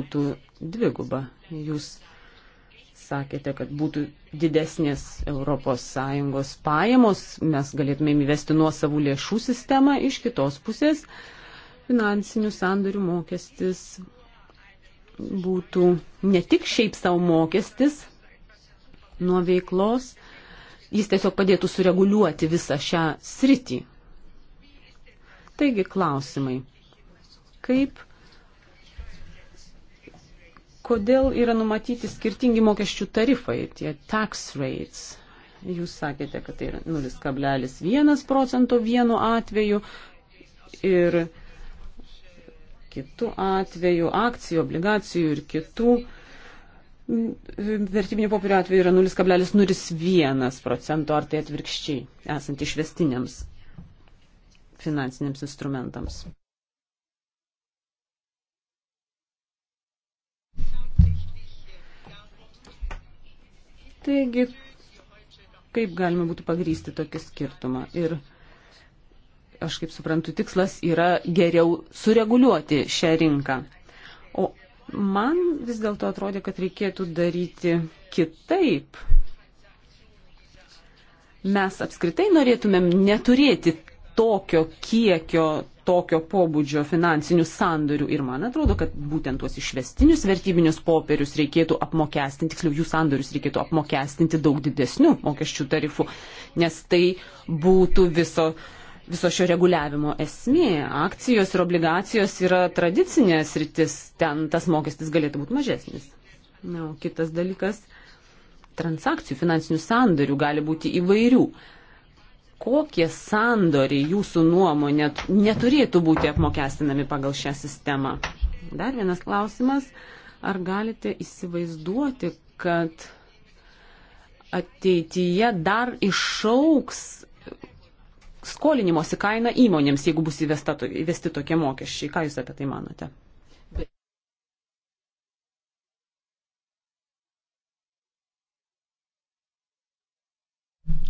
būtų dviguba. Jūs sakėte, kad būtų didesnės ES pajamos, mes galėtumėm įvesti nuo savų lėšų sistemą, iš kitos pusės finansinių sandorių mokestis būtų ne tik šiaip savo mokestis nuo veiklos, jis tiesiog padėtų sureguliuoti visą šią sritį. Taigi klausimai. Kaip kodėl yra numatyti skirtingi mokesčių tarifai, tie tax rates. Jūs sakėte, kad tai yra 0,1 procento vienu atveju ir kitų atvejų, akcijų, obligacijų ir kitų mm, vertybinių popierių atveju yra 0,01 procento, ar tai atvirkščiai esant išvestiniams finansiniams instrumentams. Taigi, kaip galima būtų pagrysti tokį skirtumą? Ir aš kaip suprantu, tikslas yra geriau sureguliuoti šią rinką. O man vis dėlto atrodė, kad reikėtų daryti kitaip. Mes apskritai norėtumėm neturėti tokio kiekio, tokio pobūdžio finansinių sandorių ir man atrodo, kad būtent tuos išvestinius vertybinius popierius reikėtų apmokestinti, tiksliau jų sandorius reikėtų apmokestinti daug didesnių mokesčių tarifų, nes tai būtų viso, viso šio reguliavimo esmė. Akcijos ir obligacijos yra tradicinės rytis, ten tas mokestis galėtų būti mažesnis. Na, o kitas dalykas - transakcijų, finansinių sandorių gali būti įvairių kokie sandoriai jūsų nuomonė neturėtų būti apmokestinami pagal šią sistemą? Dar vienas klausimas. Ar galite įsivaizduoti, kad ateityje dar išauks skolinimosi kaina įmonėms, jeigu bus įvesta, įvesti tokie mokesčiai. Ką Jūs apie tai manote?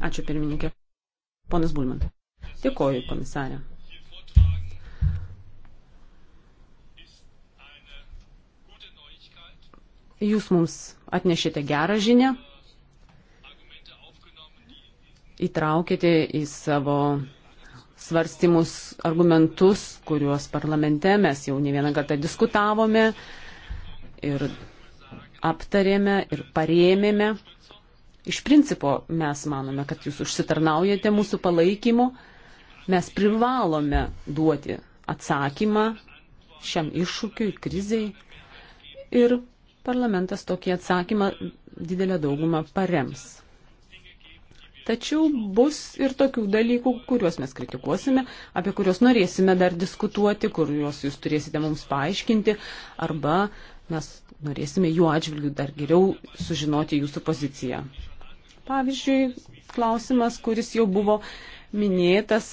Ačiū pirmininkė. Ponas Bulman. Dėkoju, komisarė. Jūs mums atnešėte gerą žinę, įtraukėte į savo svarstymus argumentus, kuriuos parlamente mes jau ne vieną kartą diskutavome ir aptarėme ir parėmėme. Iš principo mes manome, kad jūs užsitarnaujate mūsų palaikymu. Mes privalome duoti atsakymą šiam iššūkiui, kriziai. Ir parlamentas tokį atsakymą didelę daugumą parems. Tačiau bus ir tokių dalykų, kuriuos mes kritikuosime, apie kuriuos norėsime dar diskutuoti, kuriuos jūs turėsite mums paaiškinti, arba mes norėsime jų atžvilgių dar geriau sužinoti jūsų poziciją. Pavyzdžiui, klausimas, kuris jau buvo minėtas,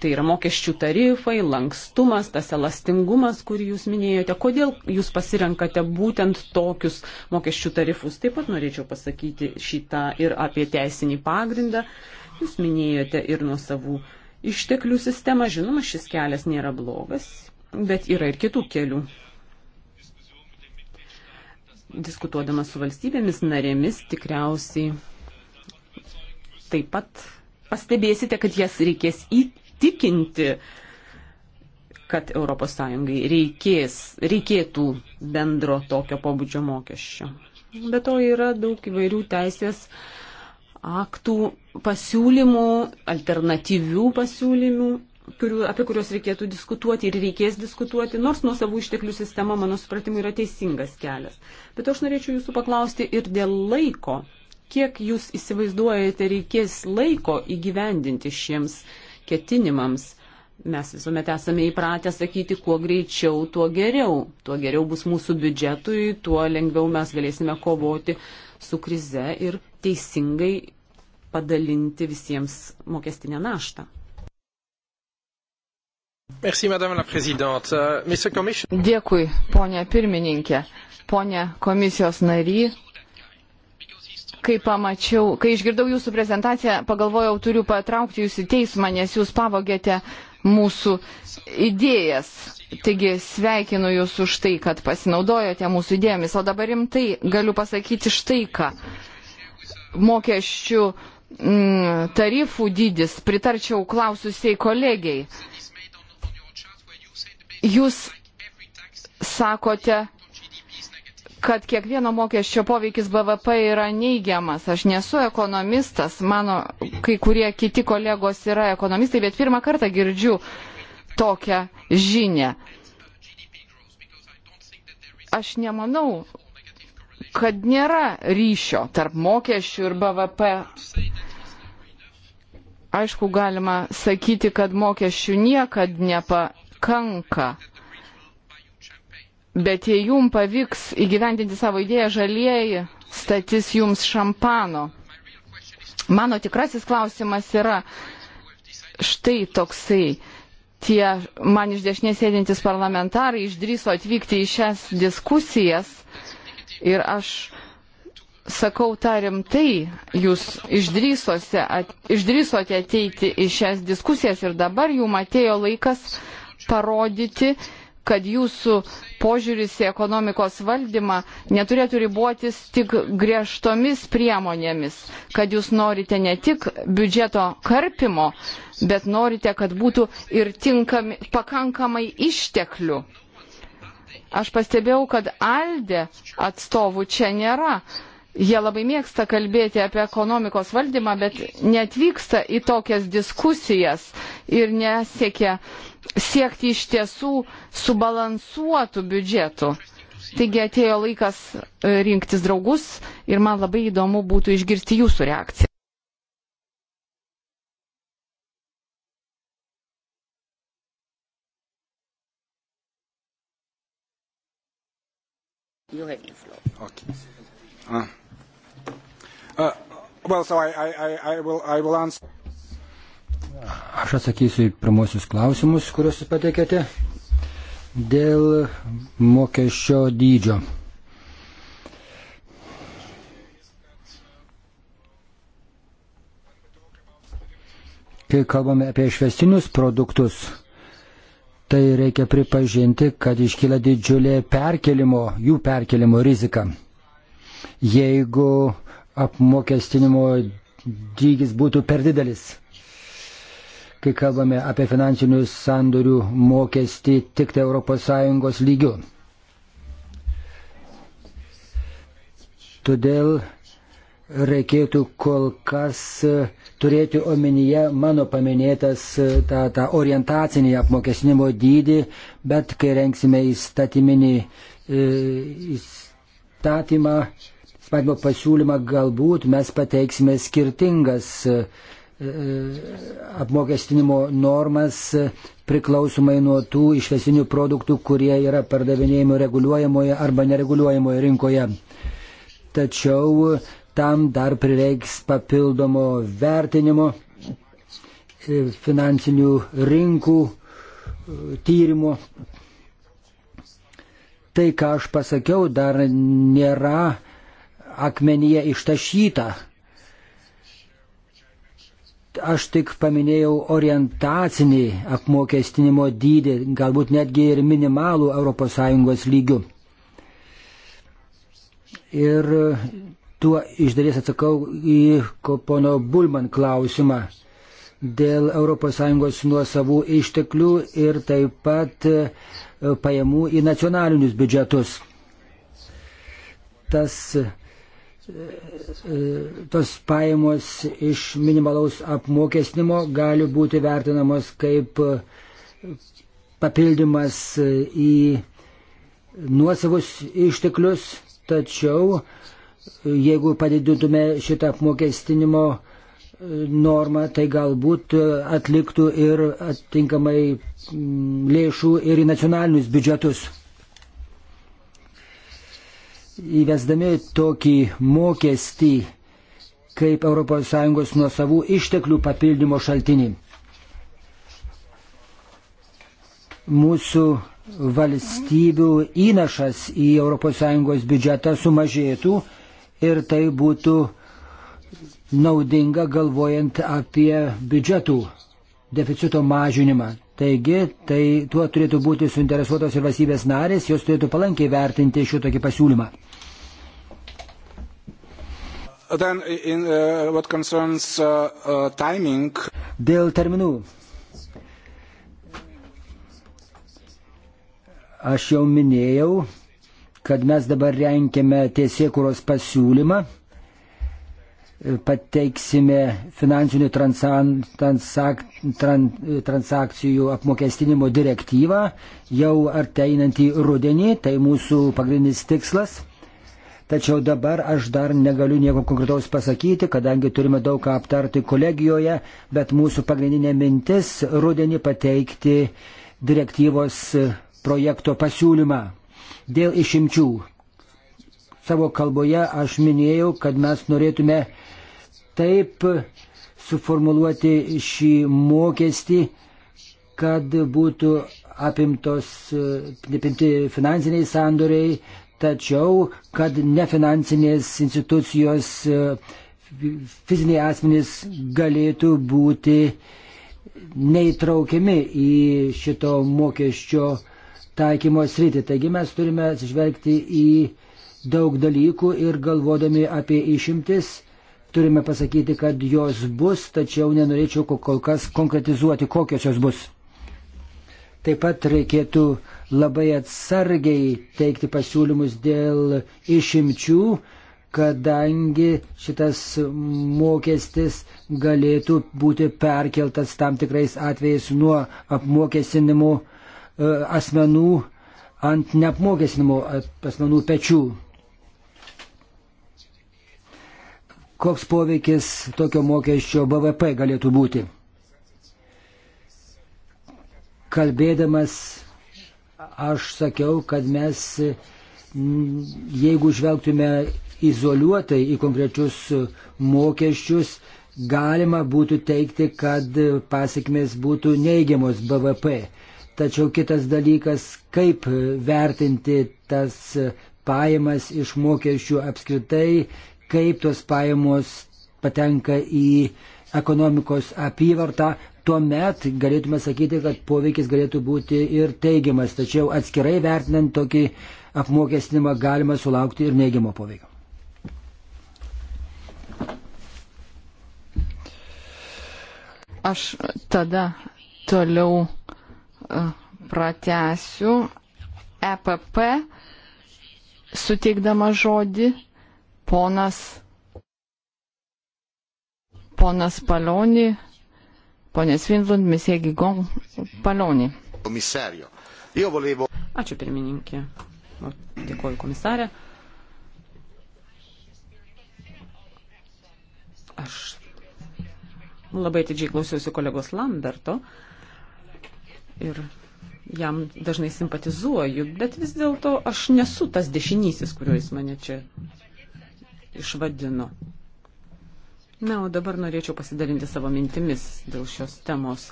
tai yra mokesčių tarifai, lankstumas, tas elastingumas, kurį jūs minėjote. Kodėl jūs pasirenkate būtent tokius mokesčių tarifus? Taip pat norėčiau pasakyti šitą ir apie teisinį pagrindą. Jūs minėjote ir nuo savų išteklių sistemą. Žinoma, šis kelias nėra blogas, bet yra ir kitų kelių diskutuodamas su valstybėmis narėmis, tikriausiai taip pat pastebėsite, kad jas reikės įtikinti, kad ES reikės, reikėtų bendro tokio pobūdžio mokesčio. Be to yra daug įvairių teisės aktų pasiūlymų, alternatyvių pasiūlymų kurių, apie kuriuos reikėtų diskutuoti ir reikės diskutuoti, nors nuo savų išteklių sistema, mano supratimu, yra teisingas kelias. Bet aš norėčiau jūsų paklausti ir dėl laiko. Kiek jūs įsivaizduojate reikės laiko įgyvendinti šiems ketinimams? Mes visuomet esame įpratę sakyti, kuo greičiau, tuo geriau. Tuo geriau bus mūsų biudžetui, tuo lengviau mes galėsime kovoti su krize ir teisingai padalinti visiems mokestinę naštą. Merci, euh, Commission... Dėkui, ponė pirmininkė, ponė komisijos nary. Kai pamačiau, kai išgirdau jūsų prezentaciją, pagalvojau, turiu patraukti jūs į teismą, nes jūs pavogėte mūsų idėjas. Taigi sveikinu Jūs už tai, kad pasinaudojote mūsų idėjomis. O dabar rimtai galiu pasakyti štai ką. Mokesčių m, mm, tarifų dydis, pritarčiau klaususiai kolegiai. Jūs sakote, kad kiekvieno mokesčio poveikis BVP yra neigiamas. Aš nesu ekonomistas, mano kai kurie kiti kolegos yra ekonomistai, bet pirmą kartą girdžiu tokią žinę. Aš nemanau, kad nėra ryšio tarp mokesčių ir BVP. Aišku, galima sakyti, kad mokesčių niekad nepa, nepakanka. Bet jei jums pavyks įgyvendinti savo idėją žalieji, statys jums šampano. Mano tikrasis klausimas yra štai toksai. Tie man iš dešinės sėdintys parlamentarai išdryso atvykti į šias diskusijas ir aš sakau tą rimtai, jūs at, išdrysote ateiti į šias diskusijas ir dabar jų atėjo laikas parodyti, kad jūsų požiūris į ekonomikos valdymą neturėtų ribotis tik griežtomis priemonėmis, kad jūs norite ne tik biudžeto karpimo, bet norite, kad būtų ir tinkami, pakankamai išteklių. Aš pastebėjau, kad Alde atstovų čia nėra. Jie labai mėgsta kalbėti apie ekonomikos valdymą, bet netvyksta į tokias diskusijas ir nesiekia siekti iš tiesų subalansuotų biudžetų. Taigi atėjo laikas e, rinktis draugus ir man labai įdomu būtų išgirsti jūsų reakciją. You have the floor. Okay. Ah. Uh, well, so I, I, I will, I will answer. Aš atsakysiu į pirmosius klausimus, kuriuos jūs pateikėte dėl mokesčio dydžio. Kai kalbame apie išvestinius produktus, tai reikia pripažinti, kad iškyla didžiulė perkelimo, jų perkelimo rizika. Jeigu apmokestinimo dygis būtų per didelis. Kai kalbame apie finansinių sandorių mokestį tik tai ES lygių. Todėl reikėtų kol kas turėti omenyje mano paminėtas tą, tą orientacinį apmokestinimo dydį, bet kai renksime įstatyminį e, įstatymą, įstatymo pasiūlymą galbūt mes pateiksime skirtingas e, e, apmokestinimo normas e, priklausomai nuo tų išvesinių produktų, kurie yra pardavinėjimo reguliuojamoje arba nereguliuojamoje rinkoje. Tačiau tam dar prireiks papildomo vertinimo finansinių rinkų tyrimo. Tai, ką aš pasakiau, dar nėra akmenyje ištašyta. Aš tik paminėjau orientacinį apmokestinimo dydį, galbūt netgi ir minimalų ES lygių. Ir tuo iš dalies atsakau į pono Bulman klausimą dėl ES nuosavų išteklių ir taip pat e, pajamų į nacionalinius biudžetus. Tas tos pajamos iš minimalaus apmokestinimo gali būti vertinamos kaip papildymas į nuosavus išteklius, tačiau jeigu padidintume šitą apmokestinimo normą, tai galbūt atliktų ir atitinkamai mm, lėšų ir į nacionalinius biudžetus įvesdami tokį mokestį kaip ES nuosavų išteklių papildymo šaltinį. Mūsų valstybių įnašas į ES biudžetą sumažėtų ir tai būtų naudinga galvojant apie biudžetų deficito mažinimą. Taigi, tai tuo turėtų būti suinteresuotos ir valstybės narės, jos turėtų palankiai vertinti šitokį pasiūlymą. Then in uh, what concerns uh, uh, timing. Dėl terminų. Aš jau minėjau, kad mes dabar renkėme tiesiekuros pasiūlymą, pateiksime finansinių transan, transak, tran, transakcijų apmokestinimo direktyvą jau arteinantį rudenį, tai mūsų pagrindinis tikslas. Tačiau dabar aš dar negaliu nieko konkretaus pasakyti, kadangi turime daug ką aptarti kolegijoje, bet mūsų pagrindinė mintis rudenį pateikti direktyvos projekto pasiūlymą dėl išimčių. Savo kalboje aš minėjau, kad mes norėtume taip suformuluoti šį mokestį, kad būtų apimtos apimti finansiniai sandoriai, tačiau kad nefinansinės institucijos e, fiziniai asmenys galėtų būti neįtraukiami į šito mokesčio taikymo sritį. Taigi mes turime atsižvelgti į daug dalykų ir galvodami apie išimtis turime pasakyti, kad jos bus, tačiau nenorėčiau kol kas konkretizuoti, kokios jos bus. Taip pat reikėtų labai atsargiai teikti pasiūlymus dėl išimčių, kadangi šitas mokestis galėtų būti perkeltas tam tikrais atvejais nuo apmokestinimo e, asmenų ant neapmokestinimo asmenų pečių. Koks poveikis tokio mokesčio BVP galėtų būti? kalbėdamas aš sakiau, kad mes, mm, jeigu žvelgtume izoliuotai į konkrečius mokesčius, galima būtų teikti, kad pasiekmės būtų neigiamos BVP. Tačiau kitas dalykas, kaip vertinti tas pajamas iš mokesčių apskritai, kaip tos pajamos patenka į ekonomikos apyvartą, tuomet galėtume sakyti, kad poveikis galėtų būti ir teigiamas, tačiau atskirai vertinant tokį apmokestinimą galima sulaukti ir neigiamo poveikio. Aš tada toliau e, pratęsiu EPP, suteikdama žodį ponas, ponas Palonį ponė Svinlund, misija Gigon Palonį. Ačiū pirmininkė. Dėkuoju komisarė. Aš labai atidžiai klausiausi kolegos Lamberto ir jam dažnai simpatizuoju, bet vis dėlto aš nesu tas dešinysis, kuriuo jis mane čia išvadino. Na, o dabar norėčiau pasidalinti savo mintimis dėl šios temos,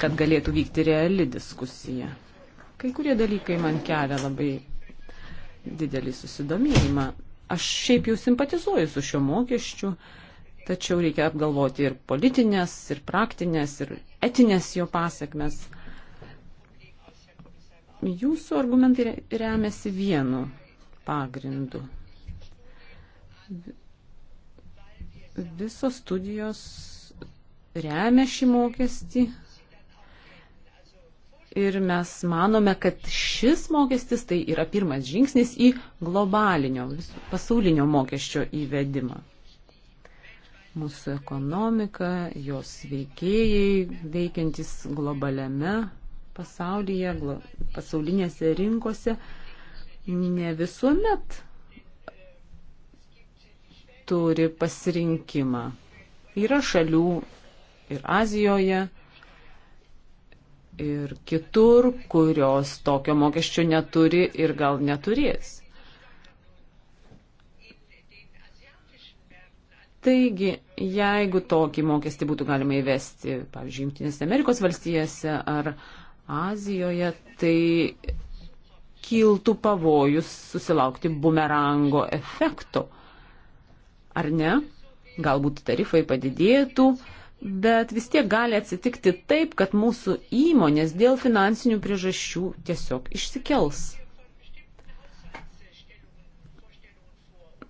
kad galėtų vykti reali diskusija. Kai kurie dalykai man kelia labai didelį susidomėjimą. Aš šiaip jau simpatizuoju su šiuo mokesčiu, tačiau reikia apgalvoti ir politinės, ir praktinės, ir etinės jo pasiekmes. Jūsų argumentai remiasi vienu pagrindu Visos studijos remia šį mokestį ir mes manome, kad šis mokestis tai yra pirmas žingsnis į globalinio, pasaulinio mokesčio įvedimą. Mūsų ekonomika, jos veikėjai veikiantis globaliame pasaulyje, pasaulinėse rinkose ne visuomet turi pasirinkimą. Yra šalių ir Azijoje, ir kitur, kurios tokio mokesčio neturi ir gal neturės. Taigi, jeigu tokį mokestį būtų galima įvesti, pavyzdžiui, Junktinėse Amerikos valstijose ar Azijoje, tai kiltų pavojus susilaukti bumerango efekto ar ne, galbūt tarifai padidėtų, bet vis tiek gali atsitikti taip, kad mūsų įmonės dėl finansinių priežasčių tiesiog išsikels.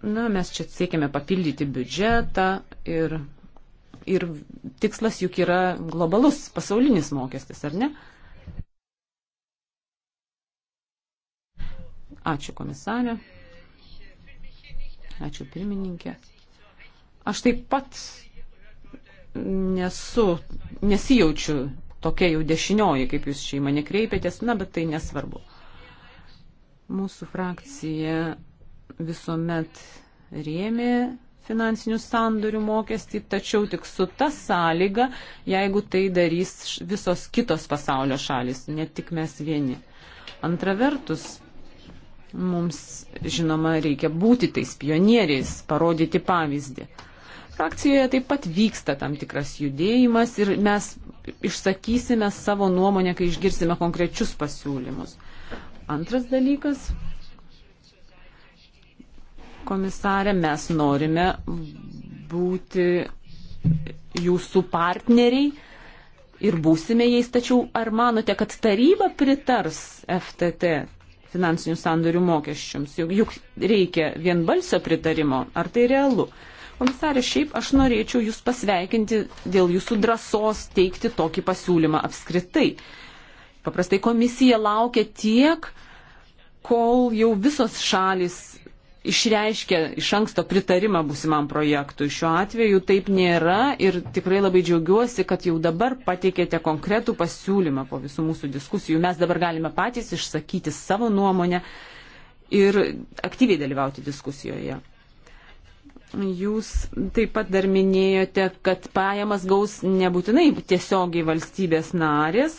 Na, mes čia siekiame papildyti biudžetą ir, ir tikslas juk yra globalus, pasaulinis mokestis, ar ne? Ačiū komisarė. Ačiū pirmininkė. Aš taip pat nesu, nesijaučiu tokia jau dešinioji, kaip jūs čia į mane kreipėtės, na, bet tai nesvarbu. Mūsų frakcija visuomet rėmė finansinių sandorių mokestį, tačiau tik su ta sąlyga, jeigu tai darys visos kitos pasaulio šalis, ne tik mes vieni. Antra vertus, mums, žinoma, reikia būti tais pionieriais, parodyti pavyzdį frakcijoje taip pat vyksta tam tikras judėjimas ir mes išsakysime savo nuomonę, kai išgirsime konkrečius pasiūlymus. Antras dalykas, komisarė, mes norime būti jūsų partneriai ir būsime jais, tačiau ar manote, kad taryba pritars FTT finansinių sandorių mokesčiams? Juk, juk reikia vienbalsio pritarimo, ar tai realu? Uh, Komisarė, šiaip aš norėčiau Jūs pasveikinti dėl Jūsų drąsos teikti tokį pasiūlymą apskritai. Paprastai komisija laukia tiek, kol jau visos šalis išreiškia iš anksto pritarimą būsimam projektui. Šiuo atveju taip nėra ir tikrai labai džiaugiuosi, kad jau dabar pateikėte konkretų pasiūlymą po visų mūsų diskusijų. Mes dabar galime patys išsakyti savo nuomonę ir aktyviai dalyvauti diskusijoje. Jūs taip pat dar minėjote, kad pajamas gaus nebūtinai tiesiogiai valstybės narės,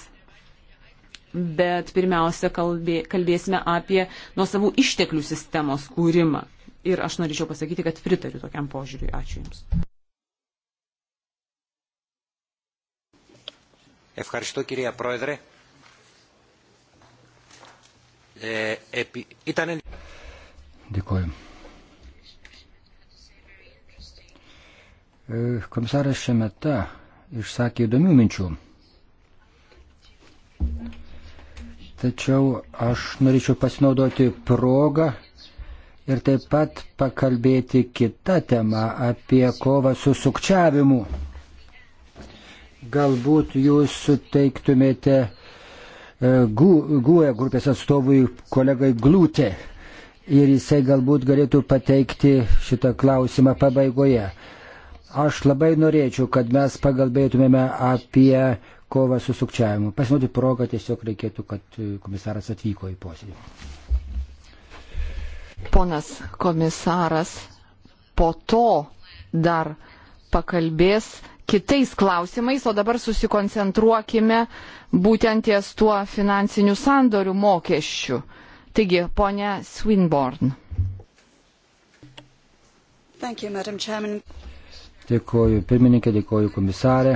bet pirmiausia kalbė, kalbėsime apie nuosavų išteklių sistemos kūrimą. Ir aš norėčiau pasakyti, kad pritariu tokiam požiūriui. Ačiū Jums. Ευχαριστώ κυρία Πρόεδρε. Ε, επί... Ήταν... Dėkuoju. Komisaras Šemeta išsakė įdomių minčių. Tačiau aš norėčiau pasinaudoti progą ir taip pat pakalbėti kitą temą apie kovą su sukčiavimu. Galbūt jūs suteiktumėte e, GUE grupės atstovui kolegai Glūtė ir jisai galbūt galėtų pateikti šitą klausimą pabaigoje. Aš labai norėčiau, kad mes pagalbėtumėme apie kovą su sukčiavimu. Pasinauti progą tiesiog reikėtų, kad e, komisaras atvyko į posėdį. Ponas komisaras po to dar pakalbės kitais klausimais, o dabar susikoncentruokime būtent ties tuo finansinių sandorių mokesčiu. Taigi, ponia Swinburne. Thank you, Dėkoju pirmininkė, dėkoju komisarė.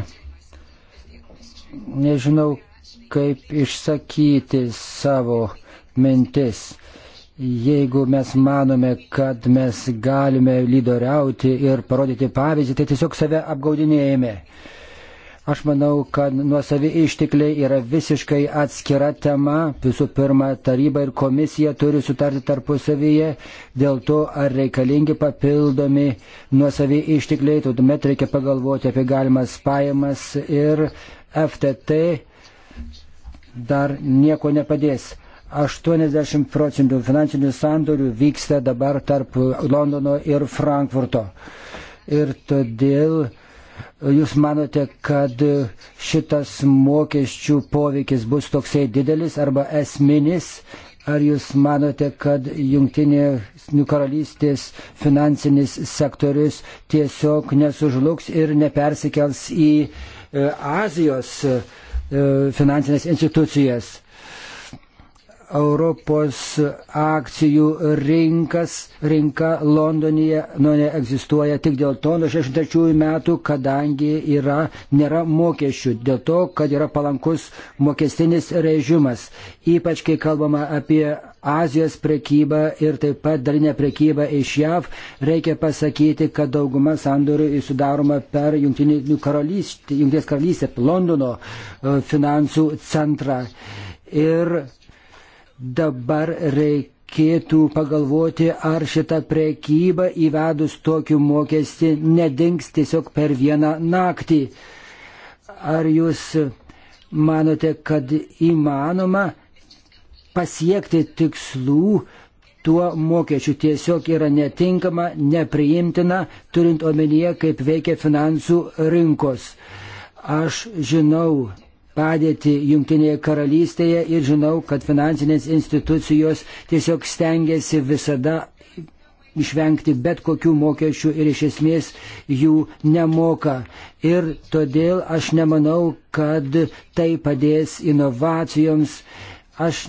Nežinau, kaip išsakyti savo mintis. Jeigu mes manome, kad mes galime lydoriauti ir parodyti pavyzdį, tai tiesiog save apgaudinėjame. Aš manau, kad nuosavi ištekliai yra visiškai atskira tema. Visų pirma, taryba ir komisija turi sutarti tarpusavyje dėl to, ar reikalingi papildomi nuosavi ištekliai. Tuomet reikia pagalvoti apie galimas pajamas ir FTT dar nieko nepadės. 80 procentų finansinių sandorių vyksta dabar tarp Londono ir Frankfurto. Ir todėl Jūs manote, kad šitas mokesčių poveikis bus toksai didelis arba esminis? Ar jūs manote, kad jungtinės karalystės finansinis sektorius tiesiog nesužlugs ir nepersikels į e, Azijos e, finansinės institucijas? Europos akcijų rinkas, rinka Londonėje nu, neegzistuoja tik dėl to nuo 63 metų, kadangi yra, nėra mokesčių, dėl to, kad yra palankus mokestinis režimas. Ypač kai kalbama apie Azijos prekybą ir taip pat dalinę prekybą iš JAV, reikia pasakyti, kad dauguma sandorių sudaroma per Junktinės karalystės, Londono e, finansų centrą. Ir dabar reikėtų pagalvoti, ar šita prekyba įvedus tokių mokestį nedings tiesiog per vieną naktį. Ar jūs manote, kad įmanoma pasiekti tikslų tuo mokesčiu tiesiog yra netinkama, nepriimtina, turint omenyje, kaip veikia finansų rinkos. Aš žinau padėtį Junktinėje karalystėje ir žinau, kad finansinės institucijos tiesiog stengiasi visada išvengti bet kokių mokesčių ir iš esmės jų nemoka. Ir todėl aš nemanau, kad tai padės inovacijoms. Aš,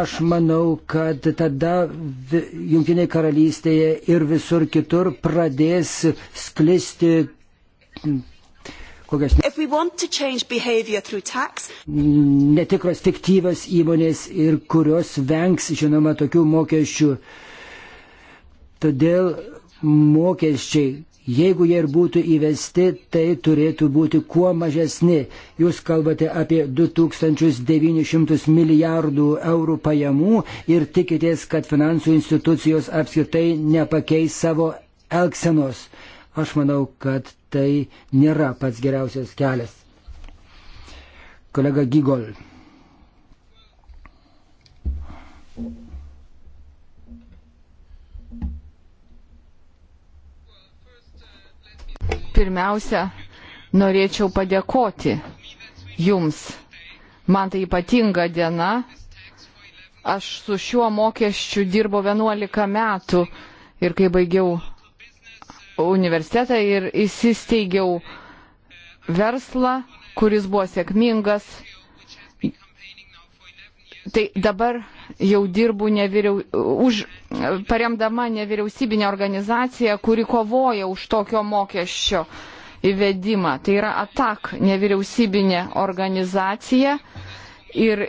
aš manau, kad tada Junktinėje karalystėje ir visur kitur pradės sklisti kokios netikros fiktyvios įmonės ir kurios vengs, žinoma, tokių mokesčių. Todėl mokesčiai, jeigu jie ir būtų įvesti, tai turėtų būti kuo mažesni. Jūs kalbate apie 2900 milijardų eurų pajamų ir tikitės, kad finansų institucijos apskritai nepakeis savo elgsenos. Aš manau, kad tai nėra pats geriausias kelias. Kolega Gygol. Pirmiausia, norėčiau padėkoti Jums. Man tai ypatinga diena. Aš su šiuo mokesčiu dirbau 11 metų ir kai baigiau universitetą ir įsisteigiau verslą, kuris buvo sėkmingas. Tai dabar jau dirbu nevyriau, už, paremdama nevyriausybinę organizaciją, kuri kovoja už tokio mokesčio įvedimą. Tai yra ATAK nevyriausybinė organizacija ir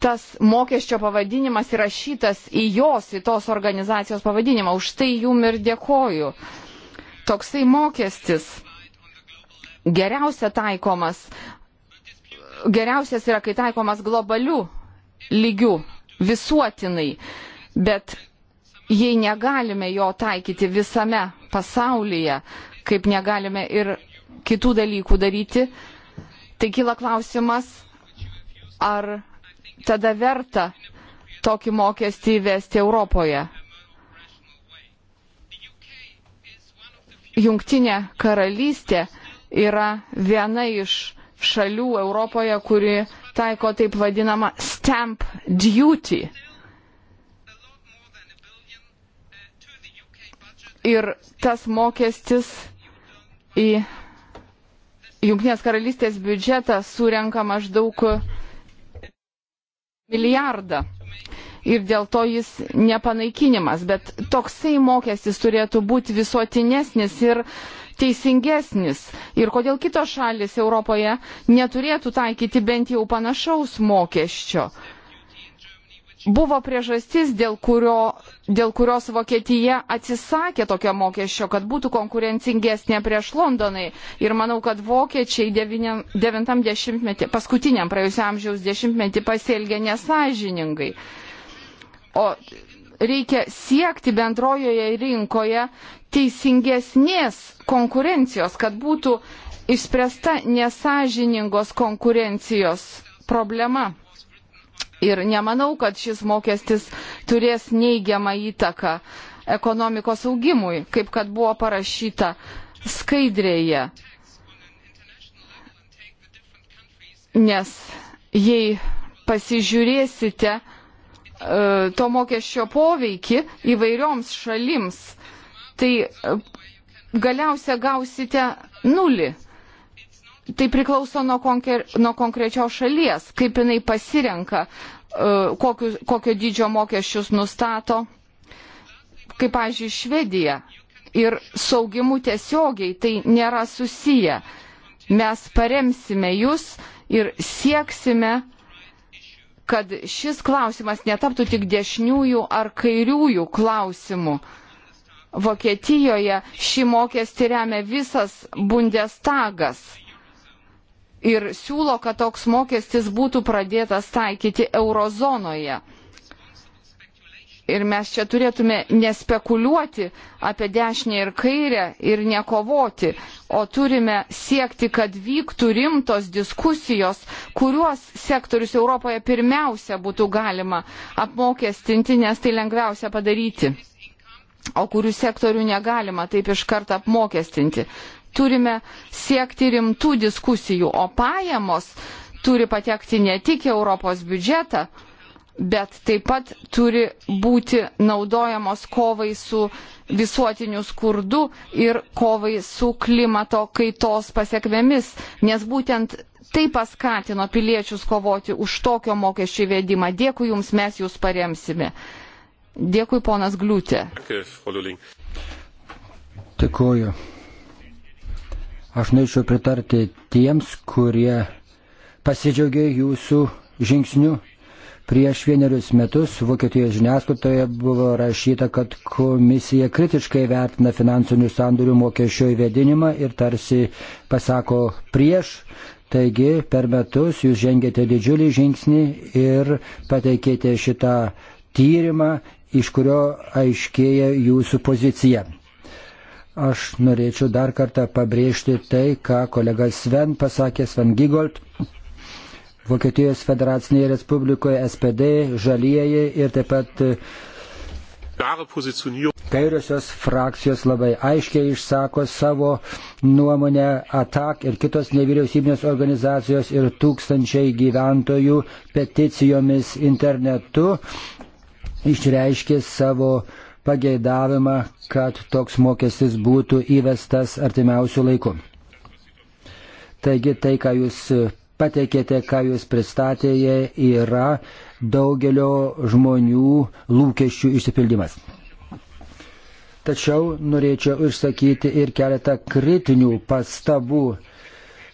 tas mokesčio pavadinimas įrašytas į jos, į tos organizacijos pavadinimą. Už tai jum ir dėkoju. Uh, toksai mokestis geriausia taikomas, geriausias yra, kai taikomas globalių lygių, visuotinai, bet jei negalime jo taikyti visame pasaulyje, kaip negalime ir kitų dalykų daryti, tai kyla klausimas, ar tada verta tokį mokestį įvesti Europoje. Jungtinė karalystė yra viena iš šalių Europoje, kuri taiko taip vadinamą stamp duty. Ir tas mokestis į Junktinės karalystės biudžetą surenka maždaug milijardą ir dėl to jis nepanaikinimas. Bet toksai mokestis turėtų būti visuotinesnis ir teisingesnis. Ir kodėl kitos šalis Europoje neturėtų taikyti bent jau panašaus mokesčio. Buvo priežastis, dėl, kurio, dėl kurios Vokietija atsisakė tokio mokesčio, kad būtų konkurencingesnė prieš Londonai. Ir manau, kad vokiečiai 90-metį, paskutiniam praėjusiam amžiaus dešimtmetį pasielgė nesažiningai. Uh, O reikia siekti bendrojoje rinkoje teisingesnės konkurencijos, kad būtų išspręsta nesažiningos konkurencijos problema. Ir nemanau, kad šis mokestis turės neigiamą įtaką ekonomikos augimui, kaip kad buvo parašyta skaidrėje. Nes jei pasižiūrėsite, E, to mokesčio poveikį įvairioms šalims, tai e, galiausia gausite nulį. Tai priklauso nuo, konkre, nuo konkrečios šalies, kaip jinai pasirenka, e, kokiu, kokio dydžio mokesčius nustato, kaip, pažiūrėjau, Švedija. Ir saugimu tiesiogiai tai nėra susiję. Mes paremsime jūs ir sieksime uh, kad šis klausimas netaptų tik dešiniųjų ar kairiųjų klausimų. Vokietijoje šį mokestį remia visas Bundestagas ir siūlo, kad toks mokestis būtų pradėtas taikyti eurozonoje. Ir mes čia turėtume nespekuliuoti apie dešinę ir kairę ir nekovoti, o turime siekti, kad vyktų rimtos diskusijos, kuriuos sektorius Europoje pirmiausia būtų galima apmokestinti, nes tai lengviausia padaryti, o kurių sektorių negalima taip iš karto apmokestinti. Turime siekti rimtų diskusijų, o pajamos turi patekti ne tik Europos biudžetą, bet taip pat turi būti naudojamos kovai su visuotiniu skurdu ir kovai su klimato kaitos pasiekvėmis, nes būtent tai paskatino piliečius kovoti už tokio mokesčio įvedimą. Dėkui Jums, mes Jūs paremsime. Dėkui, ponas Gliūtė. Dėkuoju. Aš norėčiau pritarti tiems, kurie pasidžiaugė jūsų žingsniu Prieš vienerius metus Vokietijos žiniasklaidoje buvo rašyta, kad komisija kritiškai vertina finansinių sandorių mokesčio įvedinimą ir tarsi pasako prieš. Taigi per metus jūs žengėte didžiulį žingsnį ir pateikėte šitą tyrimą, iš kurio aiškėja jūsų pozicija. Aš norėčiau dar kartą pabrėžti tai, ką kolega Sven pasakė, Sven Gigolt, Vokietijos federacinėje Respublikoje SPD, žalieji ir taip pat e, kairiosios frakcijos labai aiškiai išsako savo nuomonę, ATAK ir kitos nevyriausybinės organizacijos ir tūkstančiai gyventojų peticijomis internetu išreiškė savo pageidavimą, kad toks mokestis būtų įvestas artimiausių laikų. Taigi tai, ką jūs pateikėte, ką jūs pristatėje, yra daugelio žmonių lūkesčių išsipildymas. Tačiau norėčiau išsakyti ir keletą kritinių pastabų.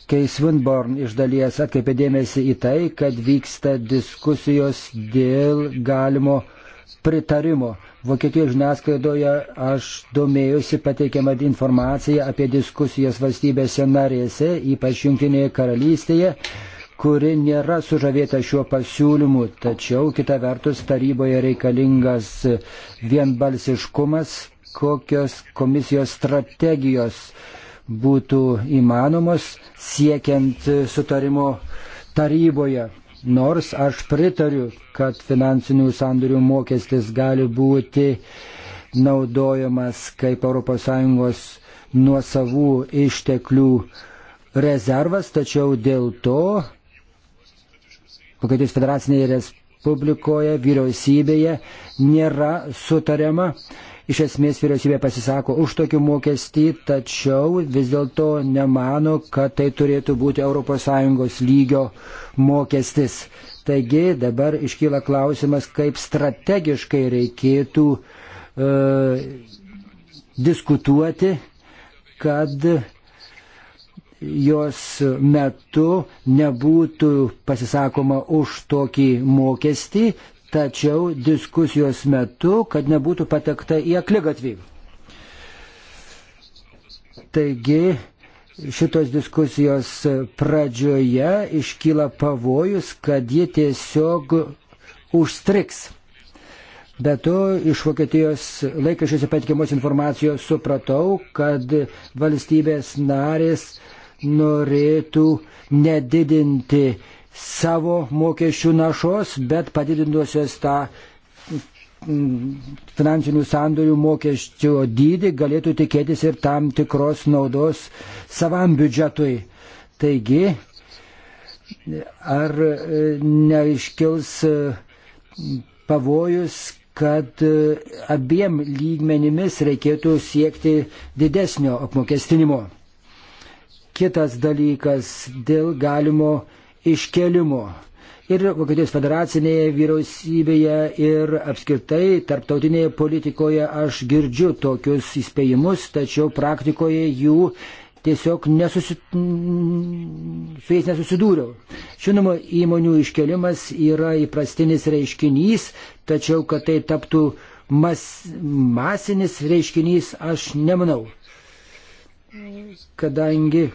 Kai Svinborn iš dalies atkaipė dėmesį į tai, kad vyksta diskusijos dėl galimo pritarimo Vokietijos žiniasklaidoje aš domėjusi pateikiamą informaciją apie diskusijas valstybėse narėse, ypač Junktinėje karalystėje, kuri nėra sužavėta šiuo pasiūlymu, tačiau kita vertus taryboje reikalingas vienbalsiškumas, kokios komisijos strategijos būtų įmanomos siekiant sutarimo taryboje. Nors aš pritariu, kad finansinių sandorių mokestis gali būti naudojamas kaip ES nuosavų išteklių rezervas, tačiau dėl to Vokietijos federacinėje Respublikoje vyriausybėje nėra sutariama Iš esmės vyriausybė pasisako už tokį mokestį, tačiau vis dėlto nemano, kad tai turėtų būti ES lygio mokestis. Taigi dabar iškyla klausimas, kaip strategiškai reikėtų e, diskutuoti, kad jos metu nebūtų pasisakoma už tokį mokestį, tačiau diskusijos metu, kad nebūtų patekta į akligatvį. Taigi šitos diskusijos pradžioje iškyla pavojus, kad ji tiesiog užstriks. Be to, iš Vokietijos laikraščiuose patikimos informacijos supratau, kad valstybės narės norėtų nedidinti savo mokesčių našos, bet padidinusios tą mm, finansinių sandorių mokesčio dydį galėtų tikėtis ir tam tikros naudos savam biudžetui. Taigi, ar e, neiškils e, pavojus, kad e, abiem lygmenimis reikėtų siekti didesnio apmokestinimo. Kitas dalykas dėl galimo iškelimo. Ir Vokietijos federacinėje vyriausybėje ir apskritai tarptautinėje politikoje aš girdžiu tokius įspėjimus, tačiau praktikoje jų tiesiog nesusi... su jais nesusidūriau. Žinoma, įmonių iškelimas yra įprastinis reiškinys, tačiau kad tai taptų mas... masinis reiškinys, aš nemanau. Kadangi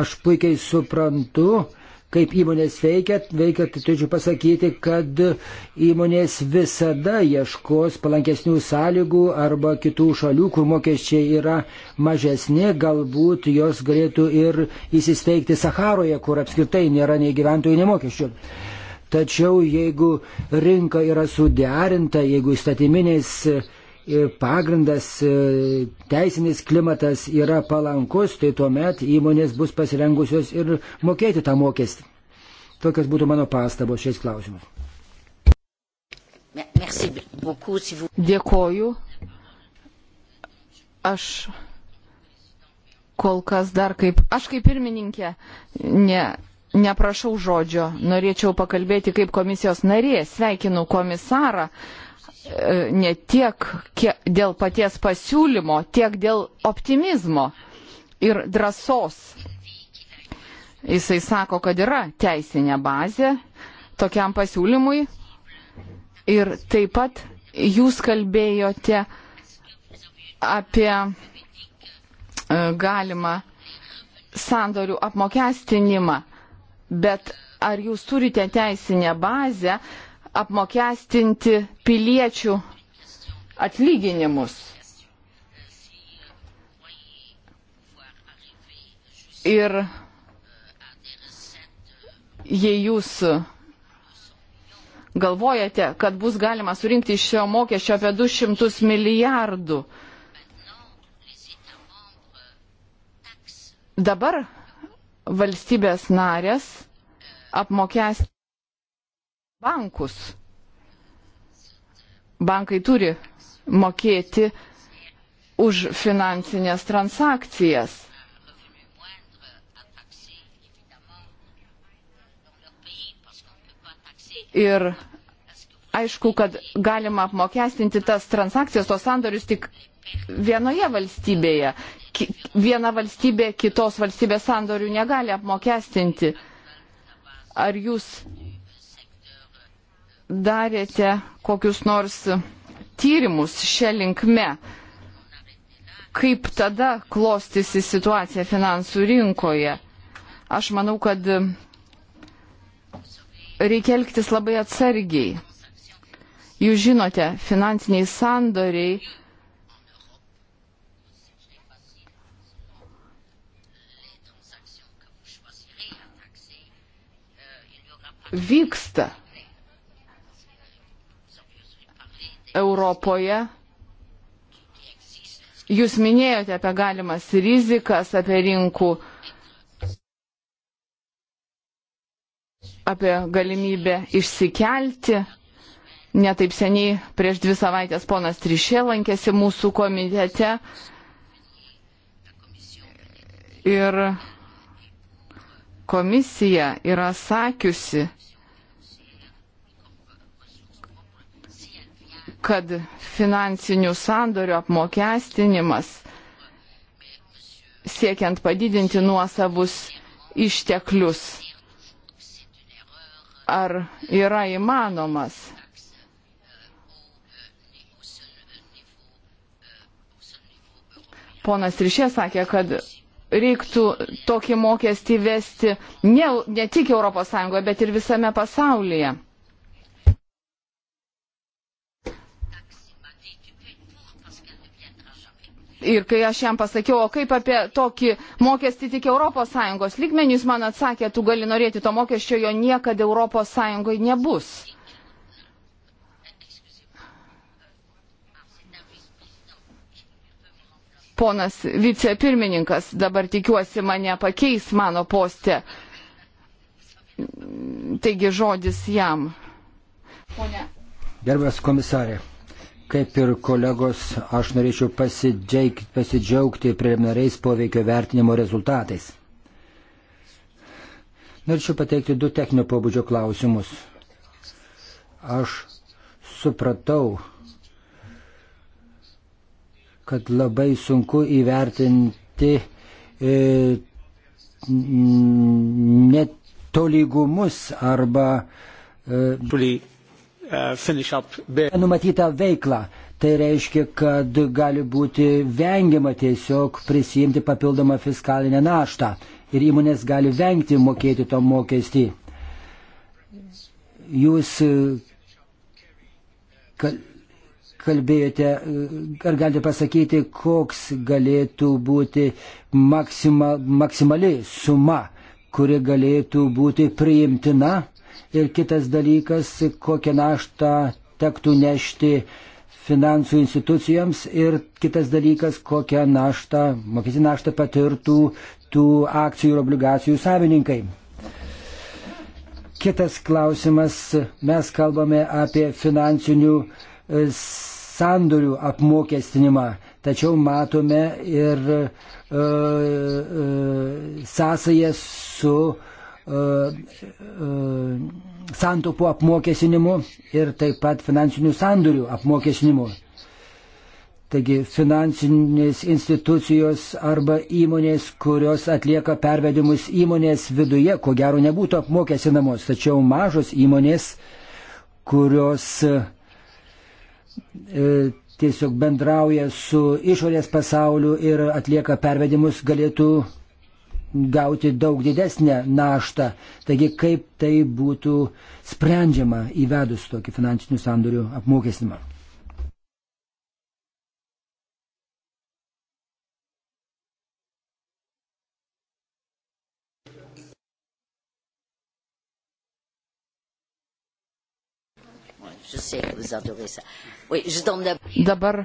aš puikiai suprantu, kaip įmonės veikia, veikia, tai turiu pasakyti, kad įmonės visada ieškos palankesnių sąlygų arba kitų šalių, kur mokesčiai yra mažesni, galbūt jos galėtų ir įsisteigti Saharoje, kur apskritai nėra nei gyventojų, nei mokesčių. Tačiau jeigu rinka yra suderinta, jeigu įstatyminiais ir pagrindas e, teisinis klimatas yra palankus, tai tuomet įmonės bus pasirengusios ir mokėti tą mokestį. Tokios būtų mano pastabos šiais klausimais. Dėkoju. Aš kol kas dar kaip, aš kaip pirmininkė ne, neprašau žodžio, norėčiau pakalbėti kaip komisijos narė, sveikinu komisarą. E, ne tiek dėl paties pasiūlymo, tiek dėl optimizmo ir drąsos. Jisai sako, kad yra teisinė bazė tokiam pasiūlymui ir taip pat jūs kalbėjote apie e, galimą sandorių apmokestinimą, bet ar jūs turite teisinę bazę, apmokestinti piliečių atlyginimus. Ir jei jūs galvojate, kad bus galima surinkti iš šio mokesčio apie 200 milijardų, dabar valstybės narės apmokestinti bankus. Bankai turi mokėti už finansinės transakcijas. Ir aišku, kad galima apmokestinti tas transakcijas, tos sandorius tik vienoje valstybėje. Viena valstybė kitos valstybės sandorių negali apmokestinti. Ar jūs darėte kokius nors tyrimus šią linkme, kaip tada klostysi situacija finansų rinkoje. Aš manau, kad reikia elgtis labai atsargiai. Jūs žinote, finansiniai sandoriai vyksta. Europoje. Jūs minėjote apie galimas rizikas, apie rinkų, apie galimybę išsikelti. Netaip seniai, prieš dvi savaitės, ponas Trišė lankėsi mūsų komitete. Ir komisija yra sakiusi, kad finansinių sandorių apmokestinimas siekiant padidinti nuosavus išteklius ar yra įmanomas. Ponas Ryšė sakė, kad reiktų tokį mokestį vesti ne, ne tik ES, bet ir visame pasaulyje. Ir kai aš jam pasakiau, o kaip apie tokį mokestį tik ES lygmenį, jis man atsakė, tu gali norėti to mokesčio, jo niekada ES nebus. Ponas vicepirmininkas dabar tikiuosi mane pakeis mano postė. Taigi žodis jam. Pone. Gerbės komisarė. Kaip ir kolegos, aš norėčiau pasidžiaugti preliminariais poveikio vertinimo rezultatais. Norėčiau pateikti du techninio pobūdžio klausimus. Aš supratau, kad labai sunku įvertinti e, netolygumus arba e, Uh, Numatytą veiklą. Tai reiškia, kad gali būti vengiama tiesiog prisijimti papildomą fiskalinę naštą ir įmonės gali vengti mokėti to mokestį. Jūs uh, kalbėjote, uh, ar galite pasakyti, koks galėtų būti maksima, maksimali suma, kuri galėtų būti priimtina Ir kitas dalykas, kokią naštą tektų nešti finansų institucijoms. Ir kitas dalykas, kokią naštą, mokestinę naštą patirtų tų akcijų ir obligacijų savininkai. Kitas klausimas, mes kalbame apie finansinių e, sandorių apmokestinimą, tačiau matome ir e, e, sąsajas su E, e, santopų apmokesinimu ir taip pat finansinių sandorių apmokesinimu. Taigi finansinės institucijos arba įmonės, kurios atlieka pervedimus įmonės viduje, ko gero nebūtų apmokestinamos, tačiau mažos įmonės, kurios e, tiesiog bendrauja su išorės pasauliu ir atlieka pervedimus, galėtų gauti daug didesnę naštą. Taigi kaip tai būtų sprendžiama įvedus tokį finansinių sandorių apmokestinimą? Dabar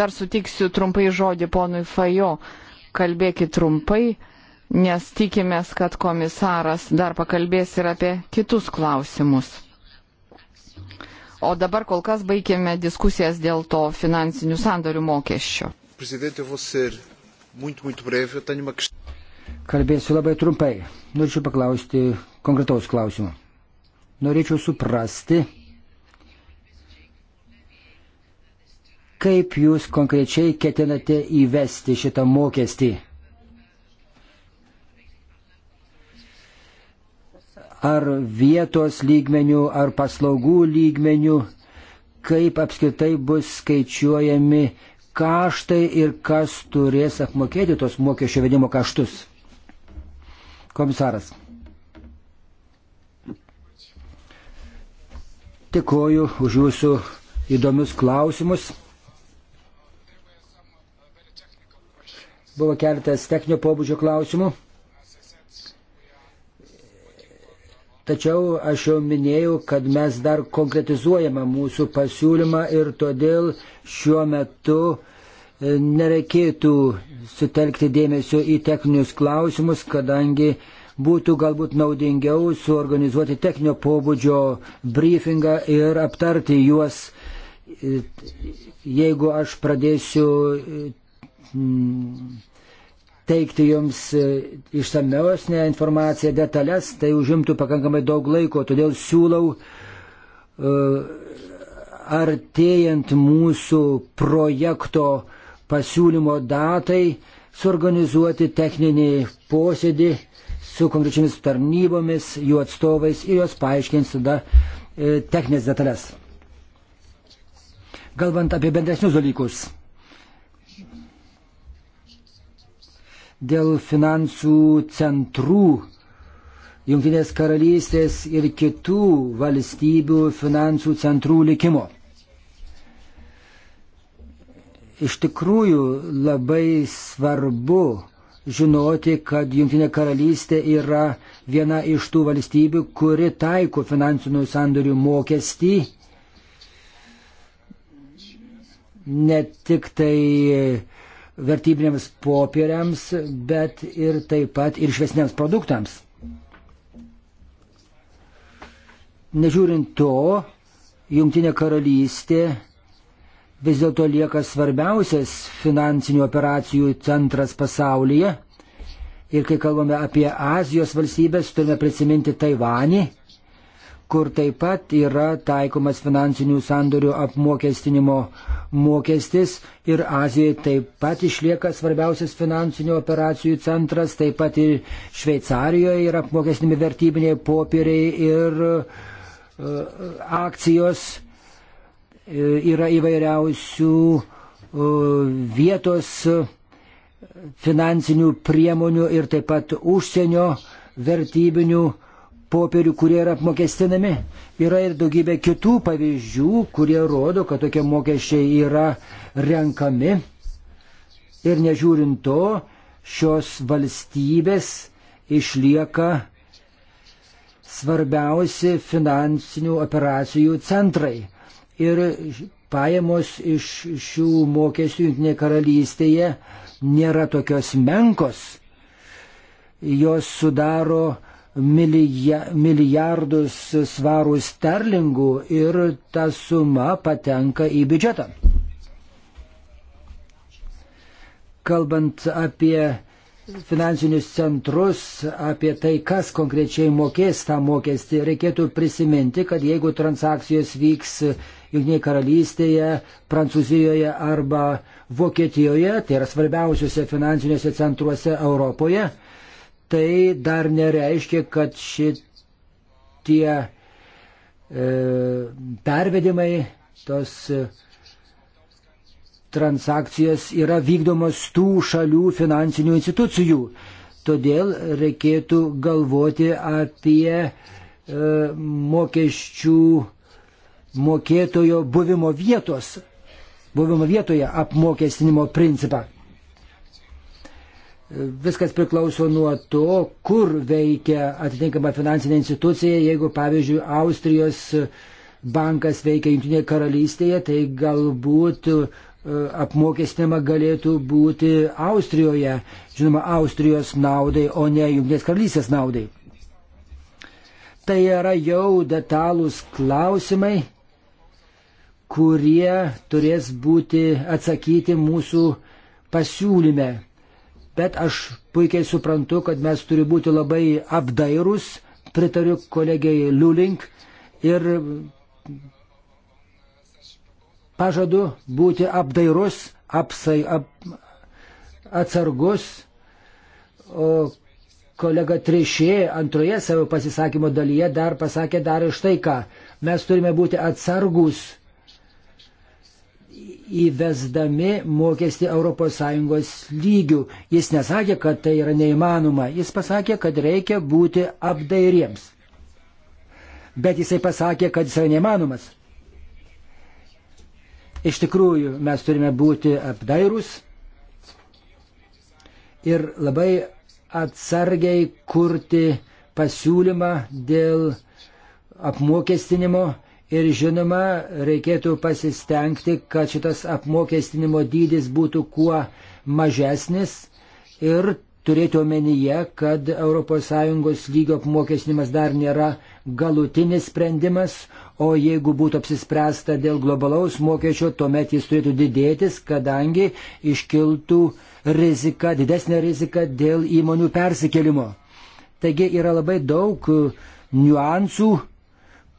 dar sutiksiu trumpai žodį ponui Fajo, kalbėkit trumpai, nes tikimės, kad komisaras dar pakalbės ir apie kitus klausimus. O dabar kol kas baigėme diskusijas dėl to finansinių sandorių mokesčio. Kalbėsiu labai trumpai. Norėčiau paklausti konkretaus klausimo. Norėčiau suprasti, Kaip jūs konkrečiai ketinate įvesti šitą mokestį? Ar vietos lygmenių, ar paslaugų lygmenių, kaip apskritai bus skaičiuojami kaštai ir kas turės apmokėti tos mokesčio vedimo kaštus. Komisaras. Dėkoju už jūsų įdomius klausimus. Buvo keletas techninio pobūdžio klausimų. Tačiau aš jau minėjau, kad mes dar konkretizuojame mūsų pasiūlymą ir todėl šiuo metu e, nereikėtų sutelkti dėmesio į techninius klausimus, kadangi būtų galbūt naudingiau suorganizuoti techninio pobūdžio briefingą ir aptarti juos. E, jeigu aš pradėsiu e, Mm, teikti jums e, išsamesnę informaciją, detalės, tai užimtų pakankamai daug laiko, todėl siūlau e, artėjant mūsų projekto pasiūlymo datai suorganizuoti techninį posėdį su konkrečiamis tarnybomis, jų atstovais ir jos paaiškins tada e, techninės detalės. Galvant apie bendresnius dalykus. dėl finansų centrų, Junktinės karalystės ir kitų valstybių finansų centrų likimo. Iš tikrųjų labai svarbu žinoti, kad Junktinė karalystė yra viena iš tų valstybių, kuri taiko finansinių sandorių mokestį ne tik tai vertybinėms popieriams, bet ir taip pat ir švesniams produktams. Nežiūrint to, Jungtinė karalystė vis dėlto lieka svarbiausias finansinių operacijų centras pasaulyje. Ir kai kalbame apie Azijos valstybės, turime prisiminti Taivanį kur taip pat yra taikomas finansinių sandorių apmokestinimo mokestis ir Azijoje taip pat išlieka svarbiausias finansinių operacijų centras, taip pat ir Šveicarijoje yra apmokestinami vertybiniai popieriai ir uh, akcijos, e, yra įvairiausių uh, vietos finansinių priemonių ir taip pat užsienio vertybinių uh, popierių, kurie yra apmokestinami. Yra ir daugybė kitų pavyzdžių, kurie rodo, kad tokie mokesčiai yra renkami. Ir nežiūrint to, šios valstybės išlieka svarbiausi finansinių operacijų centrai. Ir pajamos iš šių mokesčių Junktinėje karalystėje nėra tokios menkos. Jos sudaro milijardus svarų sterlingų ir ta suma patenka į biudžetą. Kalbant apie finansinius centrus, apie tai, kas konkrečiai mokės tą mokestį, reikėtų prisiminti, kad jeigu transakcijos vyks Junktinėje karalystėje, Prancūzijoje arba Vokietijoje, tai yra svarbiausiuose finansiniuose centruose Europoje, tai dar nereiškia, kad šitie e, pervedimai, tos e, transakcijos yra vykdomos tų šalių finansinių institucijų. Todėl reikėtų galvoti apie e, mokesčių mokėtojo buvimo vietos, buvimo vietoje apmokestinimo principą. Viskas priklauso nuo to, kur veikia atitinkama finansinė institucija. Jeigu, pavyzdžiui, Austrijos bankas veikia Junktinėje karalystėje, tai galbūt e, apmokestinama galėtų būti Austrijoje, žinoma, Austrijos naudai, o ne Junktinės karalystės naudai. Tai yra jau detalūs klausimai, kurie turės būti atsakyti mūsų pasiūlyme. Bet aš puikiai suprantu, kad mes turi būti labai apdairūs, pritariu kolegiai Liulink ir pažadu būti apdairus, apsai, ap, atsargus. O kolega Trišė antroje savo pasisakymo dalyje dar pasakė dar iš tai, ką mes turime būti atsargus įvesdami mokestį ES lygių. Jis nesakė, kad tai yra neįmanoma, jis pasakė, kad reikia būti apdairiems. Bet jisai pasakė, kad jis yra neįmanomas. Iš tikrųjų, mes turime būti apdairūs ir labai atsargiai kurti pasiūlymą dėl apmokestinimo Ir žinoma, reikėtų pasistengti, kad šitas apmokestinimo dydis būtų kuo mažesnis ir turėti omenyje, kad ES lygio apmokestinimas dar nėra galutinis sprendimas, o jeigu būtų apsispręsta dėl globalaus mokesčio, tuomet jis turėtų didėtis, kadangi iškiltų rizika, didesnė rizika dėl įmonių persikelimo. Taigi yra labai daug niuansų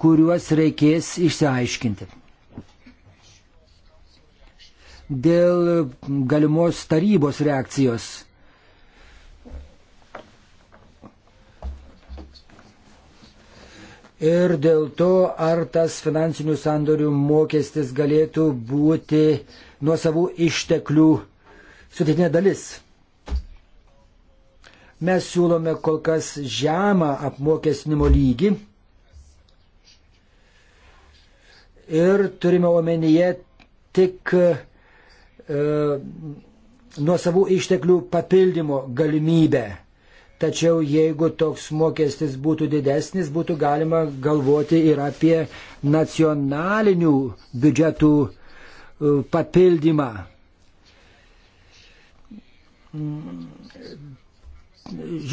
kuriuos reikės išsiaiškinti. Dėl galimos tarybos reakcijos. Ir dėl to, ar tas finansinių sandorių mokestis galėtų būti nuo savų išteklių sudėtinė dalis. Mes siūlome kol kas žemą apmokestinimo lygį ir turime omenyje tik e, nuo savų išteklių papildymo galimybę. Tačiau jeigu toks mokestis būtų didesnis, būtų galima galvoti ir apie nacionalinių biudžetų e, papildymą.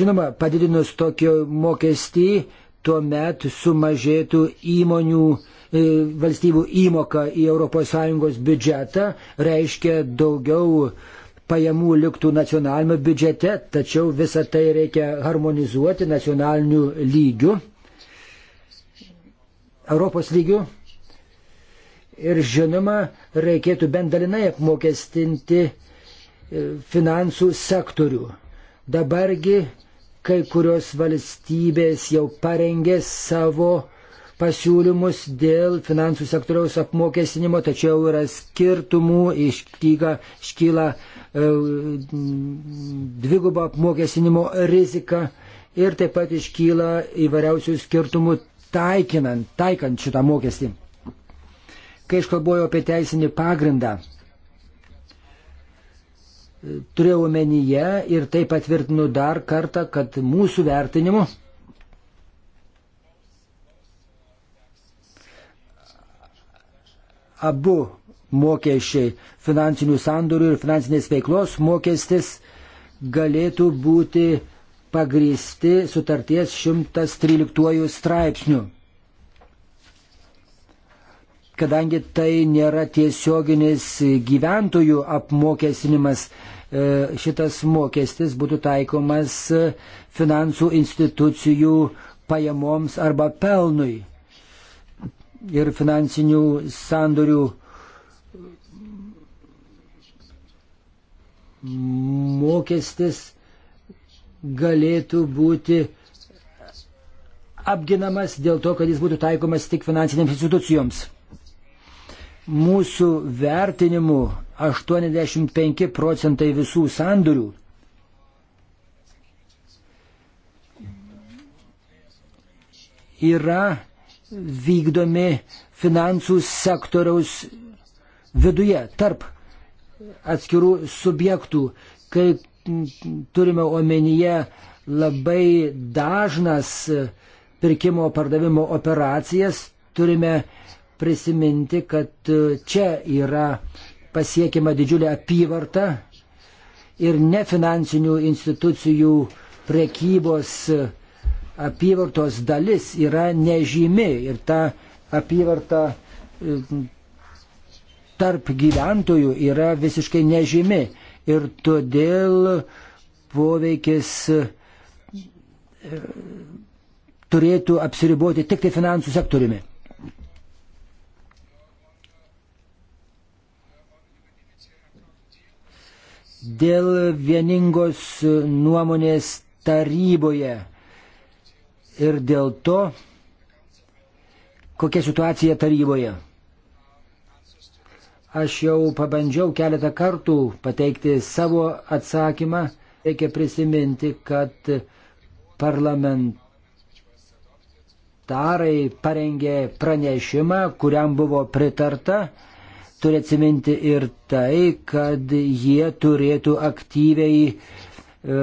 Žinoma, padidinus tokio mokestį, tuomet sumažėtų įmonių uh, E, valstybių įmoka į ES biudžetą reiškia daugiau pajamų liktų nacionalinio biudžete, tačiau visą tai reikia harmonizuoti nacionaliniu lygiu, Europos lygiu. Ir žinoma, reikėtų bent dalinai apmokestinti e, finansų sektorių. Dabargi kai kurios valstybės jau parengė savo pasiūlymus dėl finansų sektoriaus apmokestinimo, tačiau yra skirtumų, iškyga, iškyla e, dvigubo apmokestinimo rizika ir taip pat iškyla įvairiausių skirtumų taikinant, taikant šitą mokestį. Kai aš kalbėjau apie teisinį pagrindą, turėjau omenyje ir tai patvirtinu dar kartą, kad mūsų vertinimu abu mokesčiai - finansinių sandorių ir finansinės veiklos mokestis galėtų būti pagrysti sutarties 113 straipsnių. Kadangi tai nėra tiesioginis gyventojų apmokestinimas, e, šitas mokestis būtų taikomas finansų institucijų pajamoms arba pelnui ir finansinių sandorių mokestis galėtų būti apginamas dėl to, kad jis būtų taikomas tik finansinėms institucijoms. Mūsų vertinimu 85 procentai visų sandorių yra vykdomi finansų sektoriaus viduje, tarp atskirų subjektų, kai turime omenyje labai dažnas pirkimo pardavimo operacijas, turime prisiminti, kad čia yra pasiekima didžiulė apyvarta ir nefinansinių institucijų prekybos apyvartos dalis yra nežymi ir ta apyvarta e, tarp gyventojų yra visiškai nežymi ir todėl poveikis e, turėtų apsiriboti tik tai finansų sektoriumi. Dėl vieningos nuomonės taryboje ir dėl to, kokia situacija taryboje. Aš jau pabandžiau keletą kartų pateikti savo atsakymą. Reikia prisiminti, kad parlamentarai parengė pranešimą, kuriam buvo pritarta. Turi atsiminti ir tai, kad jie turėtų aktyviai e,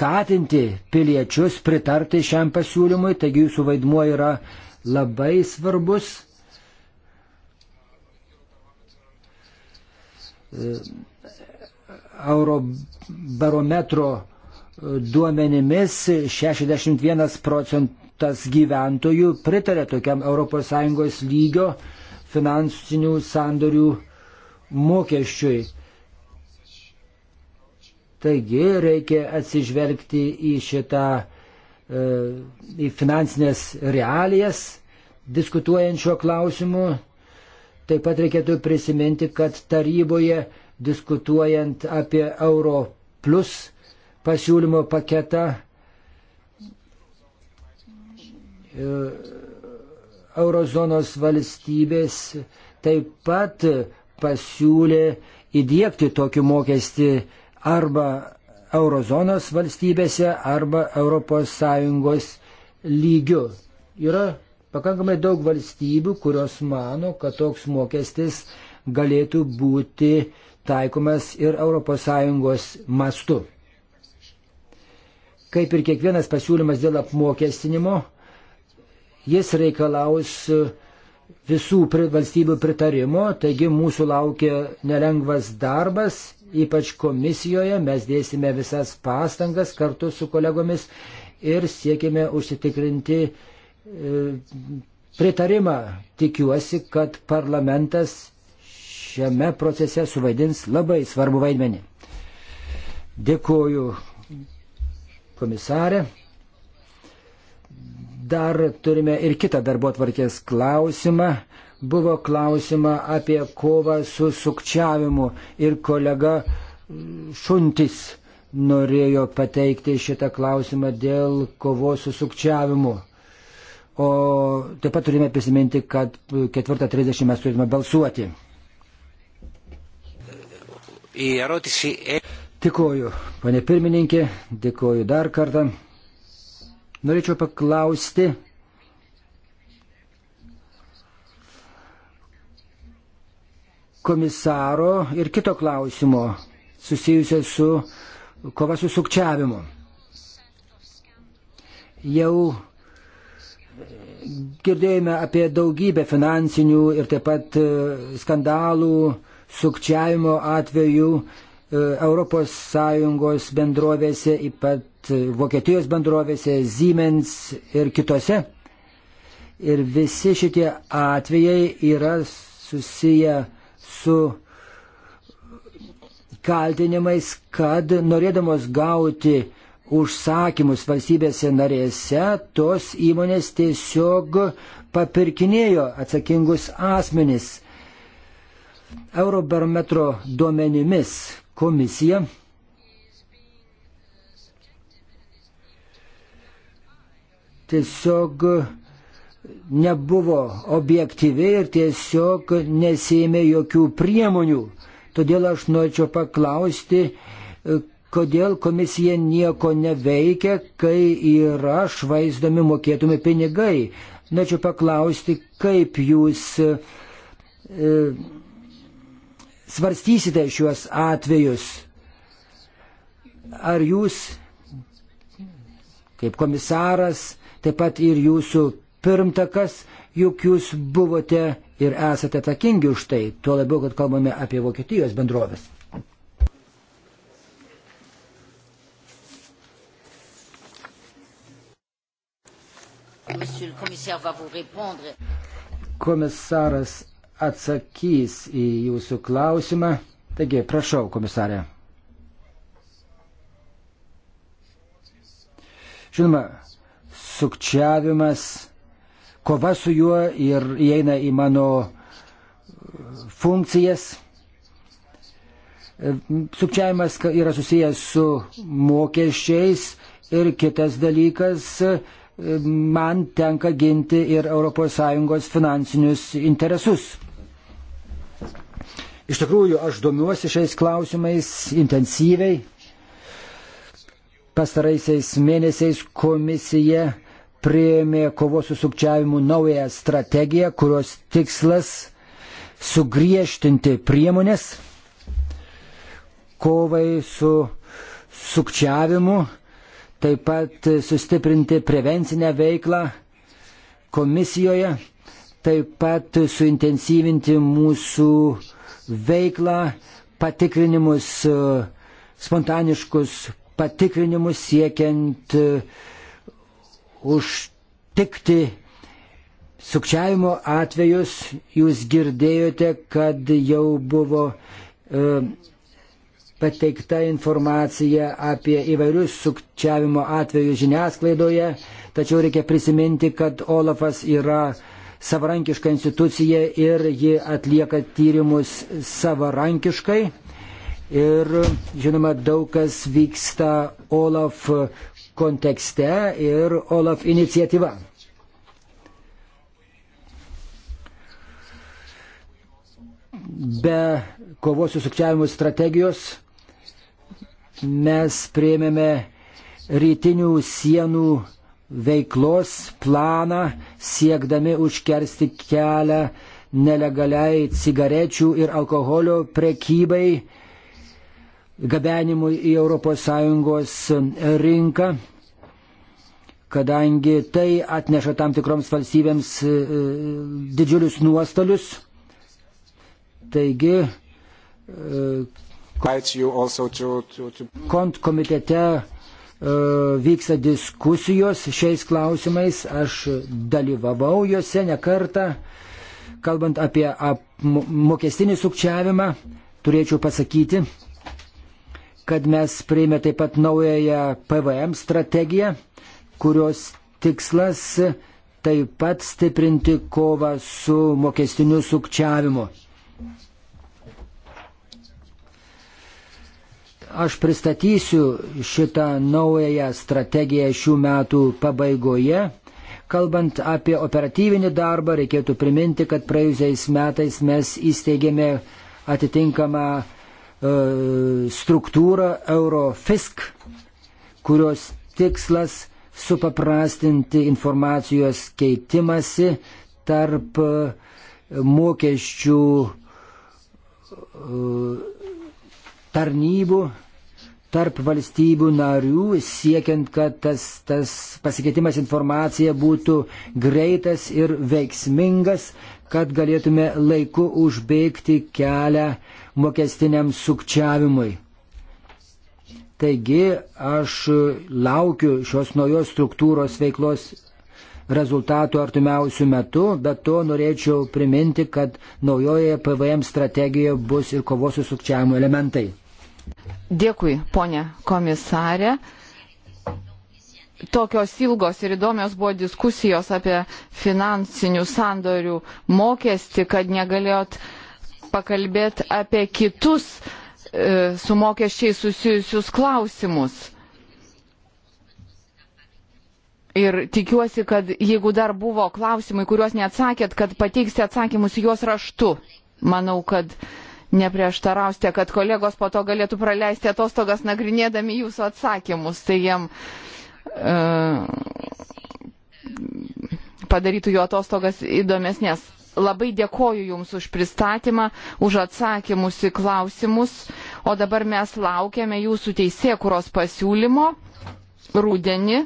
skatinti piliečius pritarti šiam pasiūlymui, taigi jūsų vaidmuo yra labai svarbus. Eurobarometro duomenimis 61 procentas gyventojų pritarė tokiam ES lygio finansinių sandorių mokesčiui. Taigi reikia atsižvelgti į šitą, e, į finansinės realijas, diskutuojant šiuo klausimu. Taip pat reikėtų prisiminti, kad taryboje diskutuojant apie Euro plus pasiūlymo paketą, e, Eurozonos valstybės taip pat pasiūlė įdėkti tokį mokestį arba eurozonos valstybėse, arba ES lygiu. Yra pakankamai daug valstybių, kurios mano, kad toks mokestis galėtų būti taikomas ir ES mastu. Kaip ir kiekvienas pasiūlymas dėl apmokestinimo, jis reikalaus visų valstybių pritarimo, taigi mūsų laukia nelengvas darbas, ypač komisijoje, mes dėsime visas pastangas kartu su kolegomis ir siekime užsitikrinti e, pritarimą. Tikiuosi, kad parlamentas šiame procese suvaidins labai svarbu vaidmenį. Dėkuoju komisarė. Dar turime ir kitą darbo atvarkės klausimą buvo klausima apie kovą su sukčiavimu ir kolega Šuntis norėjo pateikti šitą klausimą dėl kovos su sukčiavimu. O taip pat turime prisiminti, kad 4.30 mes turime balsuoti. Dėkoju, ponė pirmininkė, dėkoju dar kartą. Norėčiau paklausti, komisaro ir kito klausimo susijusio su kova su sukčiavimu. Jau girdėjome apie daugybę finansinių ir taip pat e, skandalų, sukčiavimo atvejų ES bendrovėse, ypat e, Vokietijos bendrovėse, Siemens ir kitose. Ir visi šitie atvejai yra susiję su kaltinimais, kad norėdamos gauti užsakymus valstybėse narėse, tos įmonės tiesiog papirkinėjo atsakingus asmenis. Eurobarometro duomenimis komisija tiesiog nebuvo objektyvi ir tiesiog nesėmė jokių priemonių. Todėl aš norėčiau paklausti, e, kodėl komisija nieko neveikia, kai yra švaizdomi mokėtumi pinigai. Norėčiau paklausti, kaip jūs e, e, svarstysite šiuos atvejus. Ar jūs, kaip komisaras, taip pat ir jūsų pirmtakas, juk jūs buvote ir esate atsakingi už tai, tuo labiau, kad kalbame apie Vokietijos bendrovės. Komisaras atsakys į jūsų klausimą. Taigi, prašau, komisarė. Žinoma, sukčiavimas kova su juo ir įeina į mano funkcijas. Sukčiavimas yra susijęs su mokesčiais ir kitas dalykas, man tenka ginti ir ES finansinius interesus. Iš tikrųjų, aš domiuosi šiais klausimais intensyviai. Pastaraisiais mėnesiais komisija prieėmė kovos su sukčiavimu naują strategiją, kurios tikslas sugriežtinti priemonės kovai su sukčiavimu, taip pat sustiprinti prevencinę veiklą komisijoje, taip pat suintensyvinti mūsų veiklą, patikrinimus, spontaniškus patikrinimus siekiant uh, užtikti sukčiavimo atvejus. Jūs girdėjote, kad jau buvo e, pateikta informacija apie įvairius sukčiavimo atvejus žiniasklaidoje, tačiau reikia prisiminti, kad Olafas yra savarankiška institucija ir ji atlieka tyrimus savarankiškai. Ir žinoma, daug kas vyksta Olaf kontekste ir OLAF iniciatyva. Be kovos su sukčiavimu strategijos mes prieimėme rytinių sienų veiklos planą, siekdami užkersti kelią nelegaliai cigarečių ir alkoholio prekybai gabenimui į ES rinką, kadangi tai atneša tam tikroms valstybėms e, didžiulius nuostolius. Taigi, e, kont komitete e, vyksta diskusijos šiais klausimais, aš dalyvavau juose ne kartą, kalbant apie mokestinį sukčiavimą, turėčiau pasakyti, kad mes prieimė taip pat naująją PVM strategiją, kurios tikslas taip pat stiprinti kovą su mokestiniu sukčiavimu. Aš pristatysiu šitą naująją strategiją šių metų pabaigoje. Kalbant apie operatyvinį darbą, reikėtų priminti, kad praėjusiais metais mes įsteigėme atitinkamą E, struktūrą Eurofisk, kurios tikslas supaprastinti informacijos keitimasi tarp e, mokesčių e, tarnybų, tarp valstybių narių, siekiant, kad tas, tas pasikeitimas informacija būtų greitas ir veiksmingas, kad galėtume laiku užbėgti kelią uh, mokestiniam sukčiavimui. Taigi aš laukiu šios naujos struktūros veiklos rezultatų artimiausių metų, bet to norėčiau priminti, kad naujoje PVM strategijoje bus ir kovos su sukčiavimu elementai. Dėkui, ponė komisarė. Tokios ilgos ir įdomios buvo diskusijos apie finansinių sandorių mokestį, kad negalėjot uh, pakalbėti apie kitus e, su mokesčiai susijusius klausimus. Ir tikiuosi, kad jeigu dar buvo klausimai, kuriuos neatsakėt, kad pateiksite atsakymus juos raštu. Manau, kad neprieštarausite, kad kolegos po to galėtų praleisti atostogas nagrinėdami jūsų atsakymus. Tai jiem e, padarytų jų atostogas įdomesnės labai dėkoju Jums už pristatymą, už atsakymus į klausimus, o dabar mes laukiame Jūsų teisėkuros pasiūlymo rūdienį.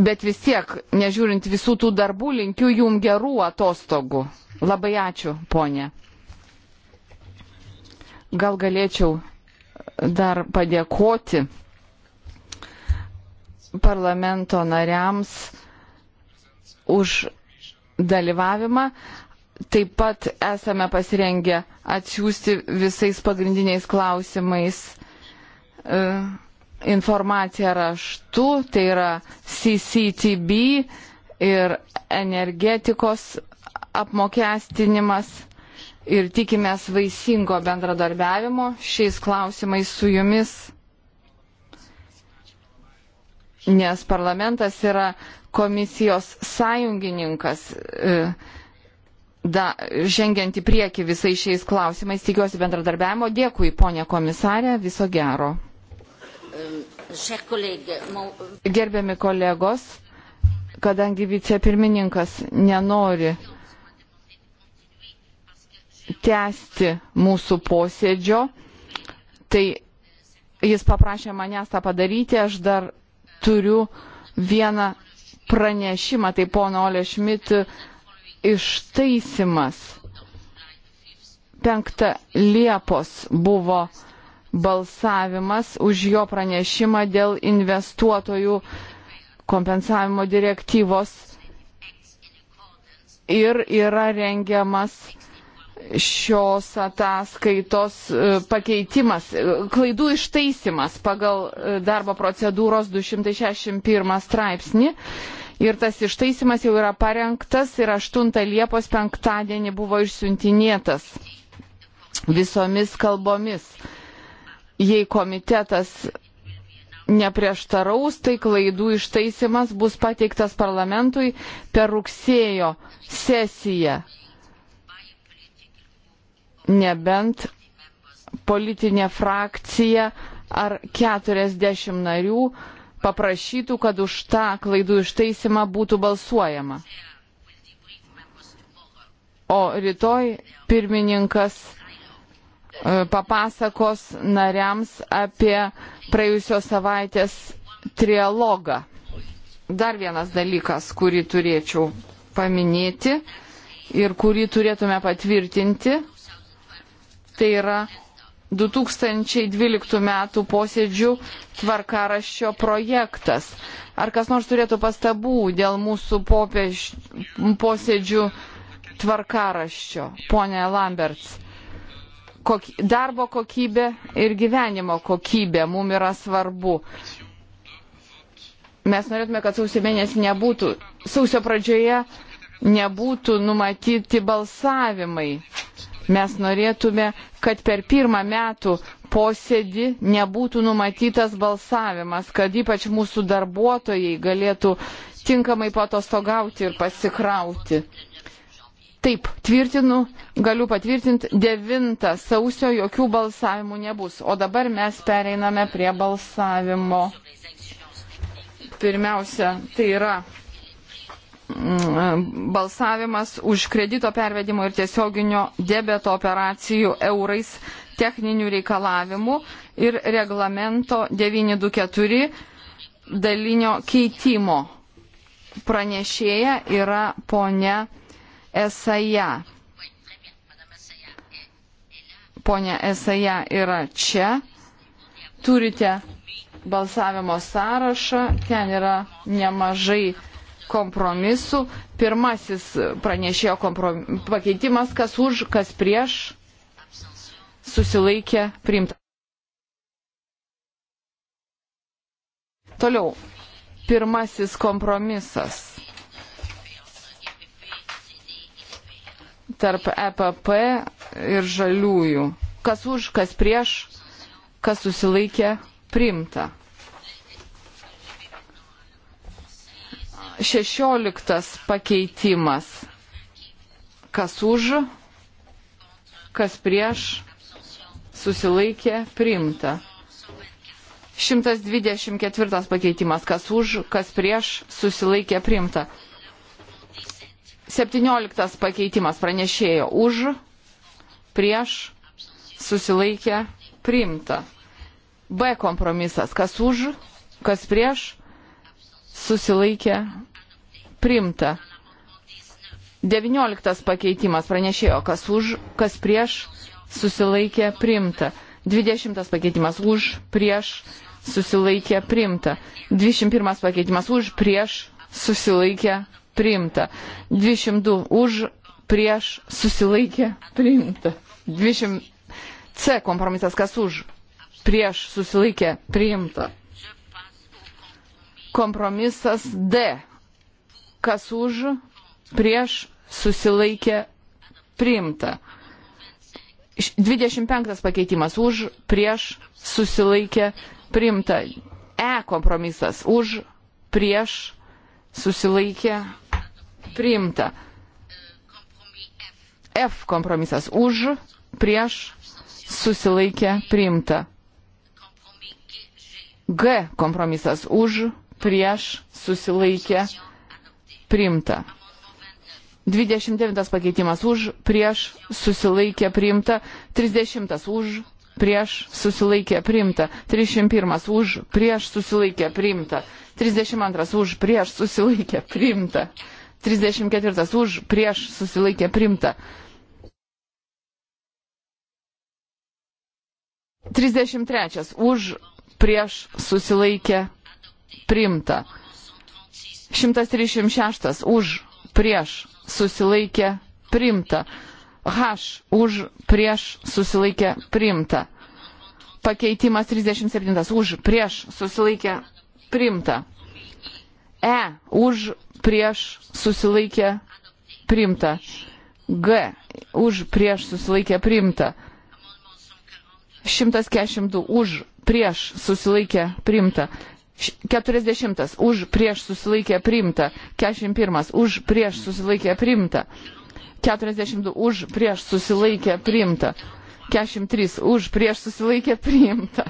Bet vis tiek, nežiūrint visų tų darbų, linkiu Jums gerų atostogų. Labai ačiū, ponė. Gal galėčiau dar padėkoti parlamento nariams už dalyvavimą. Taip pat esame pasirengę atsiųsti visais pagrindiniais klausimais e, informaciją raštu, tai yra CCTB ir energetikos apmokestinimas ir tikimės vaisingo bendradarbiavimo šiais klausimais su jumis, nes parlamentas yra komisijos sąjungininkas. E, da, žengiant į priekį visais šiais klausimais, tikiuosi bendradarbiavimo. Dėkui, ponė komisarė, viso gero. Gerbiami kolegos, kadangi vicepirmininkas nenori tęsti mūsų posėdžio, tai jis paprašė manęs tą padaryti, aš dar turiu vieną pranešimą, tai pono Olė Šmit ištaisimas. 5 Liepos buvo balsavimas už jo pranešimą dėl investuotojų kompensavimo direktyvos ir yra rengiamas šios ataskaitos e, pakeitimas, e, klaidų ištaisimas pagal e, darbo procedūros 261 straipsnį. Ir tas ištaisimas jau yra parengtas ir 8 Liepos penktadienį buvo išsiuntinėtas visomis kalbomis. Jei komitetas neprieštaraus, tai klaidų ištaisimas bus pateiktas parlamentui per rugsėjo sesiją. Nebent politinė frakcija ar 40 narių paprašytų, kad už tą klaidų ištaisimą būtų balsuojama. O rytoj pirmininkas e, papasakos nariams apie praėjusios savaitės trialogą. Dar vienas dalykas, kurį turėčiau paminėti ir kurį turėtume patvirtinti, tai yra 2012 metų posėdžių tvarkaraščio projektas. Ar kas nors turėtų pastabų dėl mūsų popėž... posėdžių tvarkaraščio, ponė Lamberts? Kok... Darbo kokybė ir gyvenimo kokybė mums yra svarbu. Mes norėtume, kad sausio mėnesį nebūtų, sausio pradžioje nebūtų numatyti balsavimai. Mes norėtume, kad per pirmą metų posėdį nebūtų numatytas balsavimas, kad ypač mūsų darbuotojai galėtų tinkamai patostogauti ir pasikrauti. Taip, tvirtinu, galiu patvirtinti, 9 sausio jokių balsavimų nebus. O dabar mes pereiname prie balsavimo. Pirmiausia, tai yra Mm, balsavimas už kredito pervedimo ir tiesioginio debeto operacijų eurais techninių reikalavimų ir reglamento 924 dalinio keitimo. Pranešėja yra ponia Esaja. Ponia Esaja yra čia. Turite balsavimo sąrašą, ten yra nemažai kompromisų. Pirmasis pranešėjo kompromis, pakeitimas, kas už, kas prieš, susilaikė priimta. Toliau, pirmasis kompromisas tarp EPP ir žaliųjų. Kas už, kas prieš, kas susilaikė priimta. Šešioliktas pakeitimas. Kas už, kas prieš, susilaikė, priimta. 124 pakeitimas. Kas už, kas prieš, susilaikė, priimta. 17 pakeitimas pranešėjo už, prieš, susilaikė, priimta. B kompromisas. Kas už, kas prieš, susilaikė, primta. 19 pakeitimas pranešėjo, kas už, kas prieš, susilaikė primta. 20 pakeitimas už, prieš, susilaikė primta. 21 pakeitimas už, prieš, susilaikė primta. 202 už, prieš, susilaikė primta. 20 C kompromisas, kas už, prieš, susilaikė primta. Kompromisas D kas už, prieš, susilaikė, priimta. 25 pakeitimas už, prieš, susilaikė, priimta. E kompromisas už, prieš, susilaikė, priimta. F kompromisas už, prieš, susilaikė, priimta. G kompromisas už, prieš, susilaikė, priimta priimta. 29 pakeitimas už, prieš, susilaikė priimta. 30 už, prieš, susilaikė priimta. 31 už, prieš, susilaikė priimta. 32 už, prieš, susilaikė priimta. 34 už, prieš, susilaikė priimta. 33 už, prieš, susilaikė priimta. 136 už prieš susilaikė primta. H už prieš susilaikė primta. Pakeitimas 37 už prieš susilaikė primta. E už prieš susilaikė primta. G už prieš susilaikė primta. 142 už prieš susilaikė primta. 40 už prieš susilaikė priimta, 41 už prieš susilaikė priimta, 42 už prieš susilaikė priimta, 43 už prieš susilaikė priimta.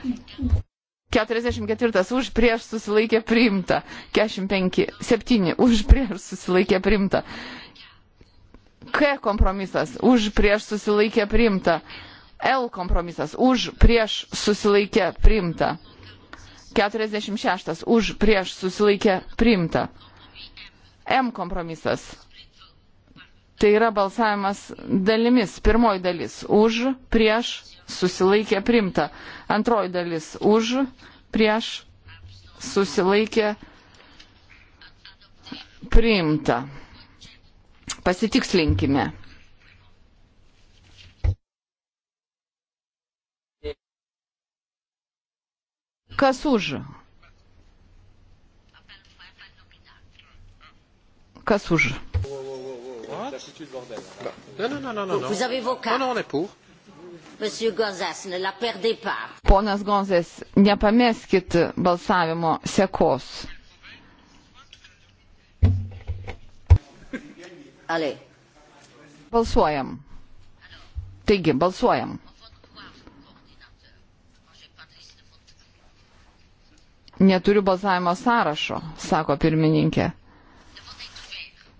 44 už prieš susilaikė priimta, 45, 7 už prieš susilaikė priimta, K kompromisas už prieš susilaikė priimta, L kompromisas už prieš susilaikė priimta. 46 už prieš susilaikė priimta. M kompromisas. Tai yra balsavimas dalimis. Pirmoji dalis už prieš susilaikė priimta. Antroji dalis už prieš susilaikė priimta. Pasitikslinkime. Kas už? Kas už? Ponas Gonzės, nepameskit balsavimo sekos. Balsuojam. Taigi, balsuojam. Neturiu balsavimo sąrašo, sako pirmininkė.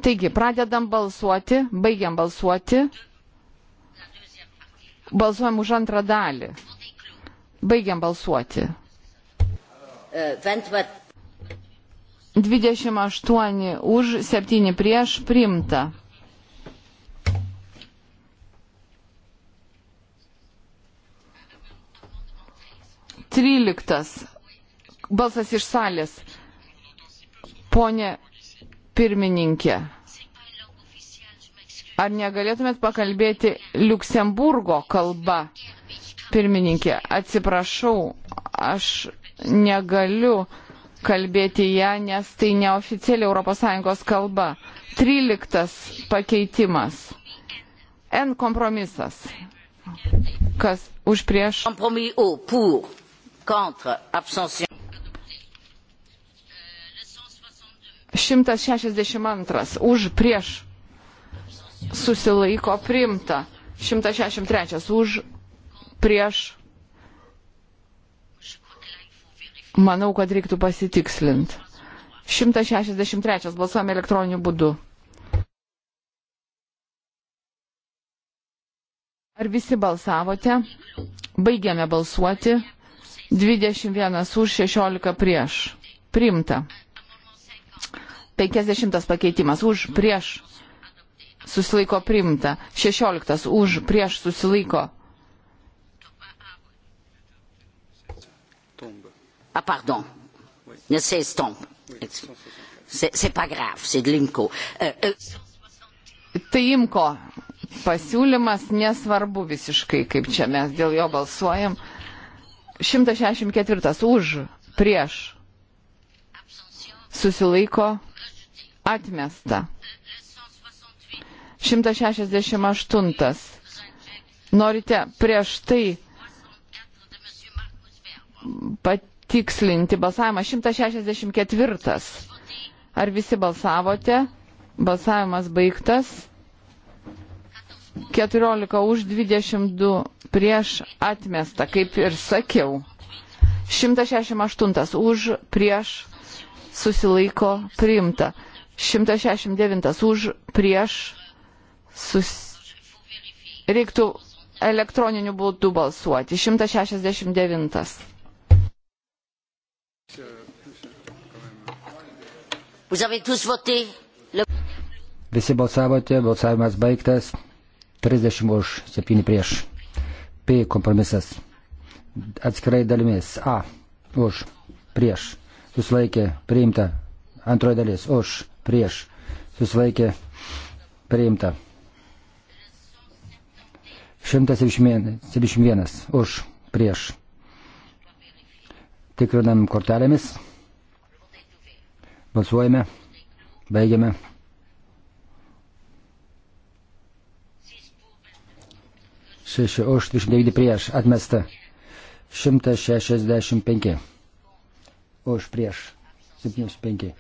Taigi, pradedam balsuoti, baigiam balsuoti. Balsuojam už antrą dalį. Baigiam balsuoti. 28 už, 7 prieš, primta. Tryliktas balsas iš salės. Pone pirmininkė, ar negalėtumėt pakalbėti Luksemburgo kalba? Pirmininkė, atsiprašau, aš negaliu kalbėti ją, nes tai neoficiali ES kalba. Tryliktas pakeitimas. N kompromisas. Kas už prieš? Kompromis, o, pour, contre, abstention. 162 už prieš susilaiko primta. 163 už prieš. Manau, kad reiktų pasitikslinti. 163 balsuojame elektroniniu būdu. Ar visi balsavote? Baigėme balsuoti. 21 už 16 prieš. Primta. 50 pakeitimas už prieš susilaiko primta. 16 už prieš susilaiko. Ah, pardon. Ne s'estompe. C'est pas grave, c'est de l'IMCO. Euh, euh... Tai IMCO pasiūlymas nesvarbu visiškai, kaip čia mes dėl jo balsuojam. 164 už, prieš, susilaiko, atmesta. 168. Norite prieš tai patikslinti balsavimą. 164. Ar visi balsavote? Balsavimas baigtas. 14 už 22 prieš atmestą, kaip ir sakiau. 168 už prieš susilaiko priimta. 169 už prieš sus... reiktų elektroniniu būdu balsuoti. 169. Visi balsavote, balsavimas baigtas. 30 už, 7 prieš. P kompromisas. Atskirai dalimis. A už, prieš. Susilaikė, priimta. Antroji dalis už, prieš susilaikė priimta. 171 už prieš. Tikrinam kortelėmis. Balsuojame. Baigiame. Šeši už 29 prieš atmesta. 165 už prieš 75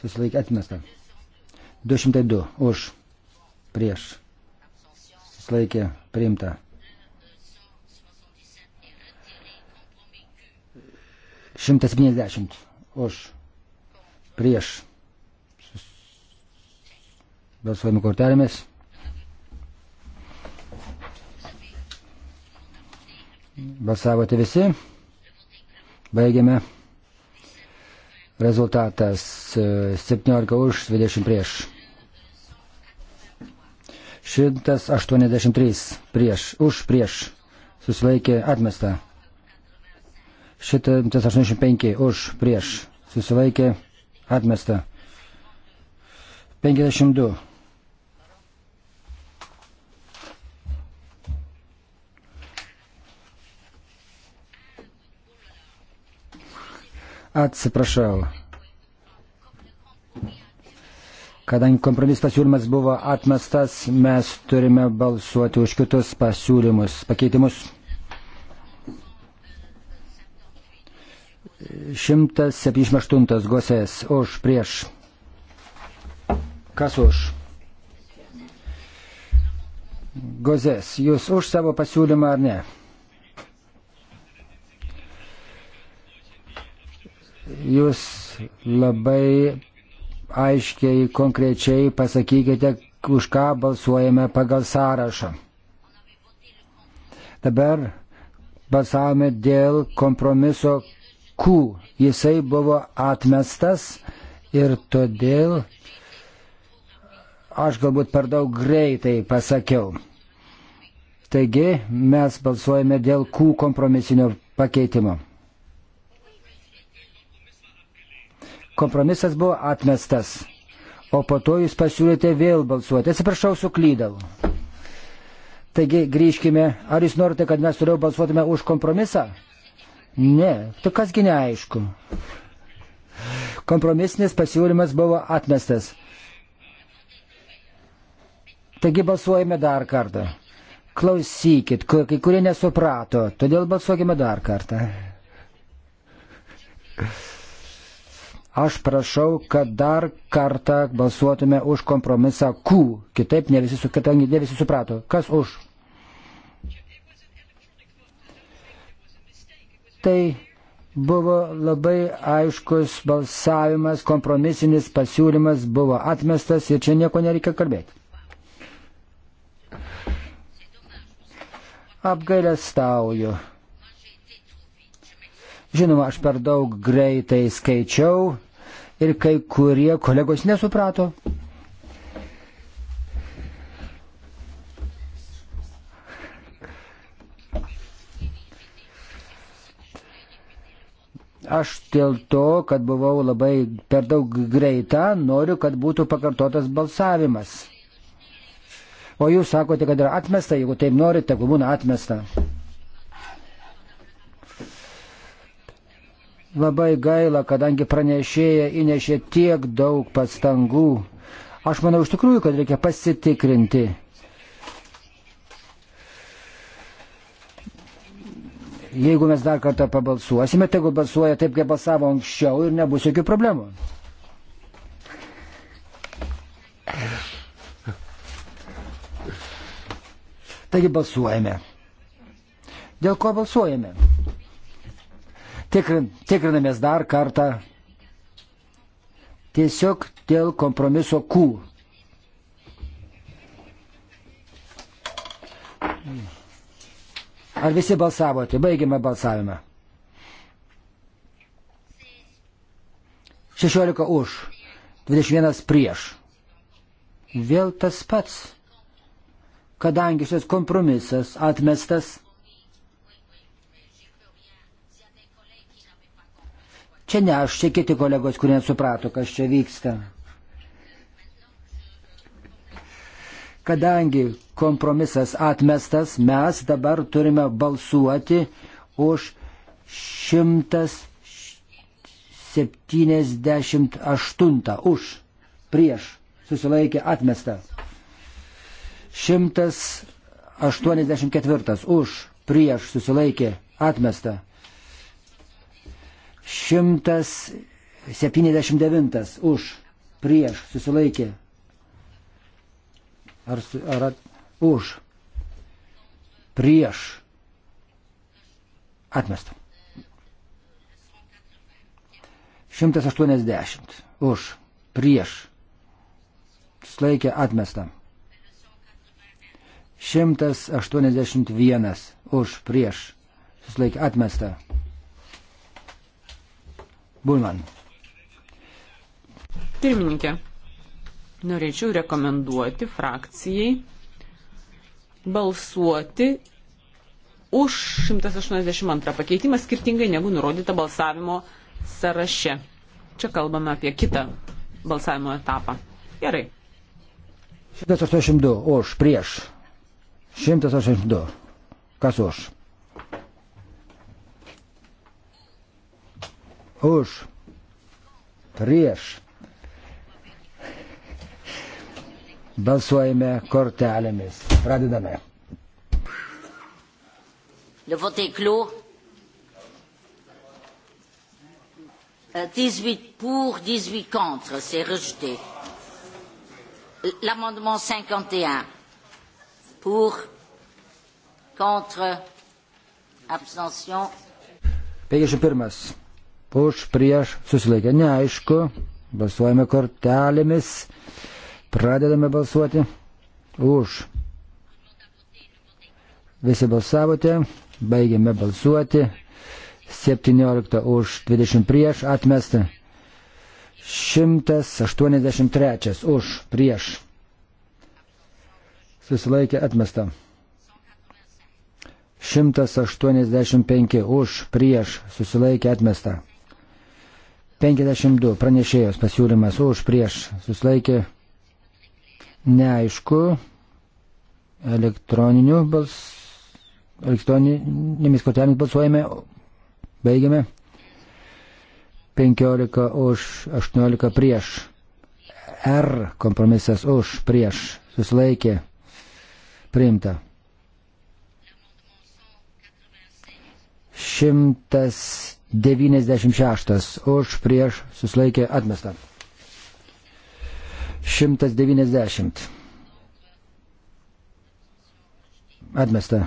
susilaikė atmesta. 202 už, prieš, susilaikė priimta. 170 už, prieš, balsuojami kortelėmis. Balsavote visi. Baigiame. Rezultatas 17 e, už 20 prieš. 183 prieš, už prieš, susilaikė atmesta. 185 už prieš, susilaikė atmesta. 52 Atsiprašau. Kadangi kompromisas pasiūlymas buvo atmestas, mes turime balsuoti už kitus pasiūlymus, pakeitimus. 178 gosės už prieš. Kas už? Gozės, jūs už savo pasiūlymą ar ne? jūs labai aiškiai, konkrečiai pasakykite, už ką balsuojame pagal sąrašą. Dabar balsavome dėl kompromiso Q. Jisai buvo atmestas ir todėl aš galbūt per daug greitai pasakiau. Taigi mes balsuojame dėl Q kompromisinio pakeitimo. kompromisas buvo atmestas, o po to jūs pasiūlėte vėl balsuoti. Atsiprašau, suklydau. Taigi grįžkime, ar jūs norite, kad mes toliau balsuotume už kompromisą? Ne, tai kasgi neaišku. Kompromisinis pasiūlymas buvo atmestas. Taigi balsuojame dar kartą. Klausykit, kai kurie nesuprato, todėl balsuokime dar kartą. Thank you. Aš prašau, kad dar kartą balsuotume už kompromisą Q. Kitaip ne visi, kadangi ne visi suprato. Kas už? Tai buvo labai aiškus balsavimas, kompromisinis pasiūlymas buvo atmestas ir čia nieko nereikia kalbėti. Apgailestauju. Žinoma, aš per daug greitai skaičiau, ir kai kurie kolegos nesuprato. Aš dėl to, kad buvau labai per daug greita, noriu, kad būtų pakartotas balsavimas. O jūs sakote, kad yra atmesta, jeigu taip norite, tegul būna atmesta. Labai gaila, kadangi pranešėja įnešė tiek daug pastangų. Aš manau iš tikrųjų, kad reikia pasitikrinti. Jeigu mes dar kartą pabalsuosime, tegu balsuoja taip, kaip balsavo anksčiau ir nebus jokių problemų. Taigi balsuojame. Dėl ko balsuojame? tikrin, tikrinamės dar kartą tiesiog dėl kompromiso Q. Ar visi balsavote? Baigime balsavimą. 16 už, 21 prieš. Vėl tas pats. Kadangi šis kompromisas atmestas, Čia ne aš, čia kiti kolegos, kurie nesuprato, kas čia vyksta. Kadangi kompromisas atmestas, mes dabar turime balsuoti už 178 už prieš susilaikė atmestą. 184 už prieš susilaikė atmestą. 179 už, prieš, susilaikė. Ar, ar at, už, prieš, atmesta. 180 už, prieš, susilaikė, atmesta. 181 už, prieš, susilaikė, atmesta. Bulman. Pirmininkė, norėčiau rekomenduoti frakcijai balsuoti už 182 pakeitimą skirtingai negu nurodyta balsavimo sąraše. Čia kalbame apie kitą balsavimo etapą. Gerai. 182 už, prieš. 182. Kas už? už, prieš. Balsuojame kortelėmis. Pradedame. Le vote est clos. 18 euh, pour, 18 contre, c'est rejeté. L'amendement 51 pour, contre, abstention. 51 už prieš susilaikę neaišku, balsuojame kortelėmis, pradedame balsuoti už. Visi balsavote, baigėme balsuoti, 17 už 20 prieš atmestą, 183 už prieš susilaikė atmestą. 185 už prieš susilaikė atmestą. 52 pranešėjos pasiūlymas už prieš susilaikė neaišku elektroniniu bals, elektroninėmis kortelėmis balsuojame, baigiame 15 už 18 prieš R kompromisas už prieš susilaikė priimta. 100 96 už prieš susilaikė atmestą. 190 atmestą.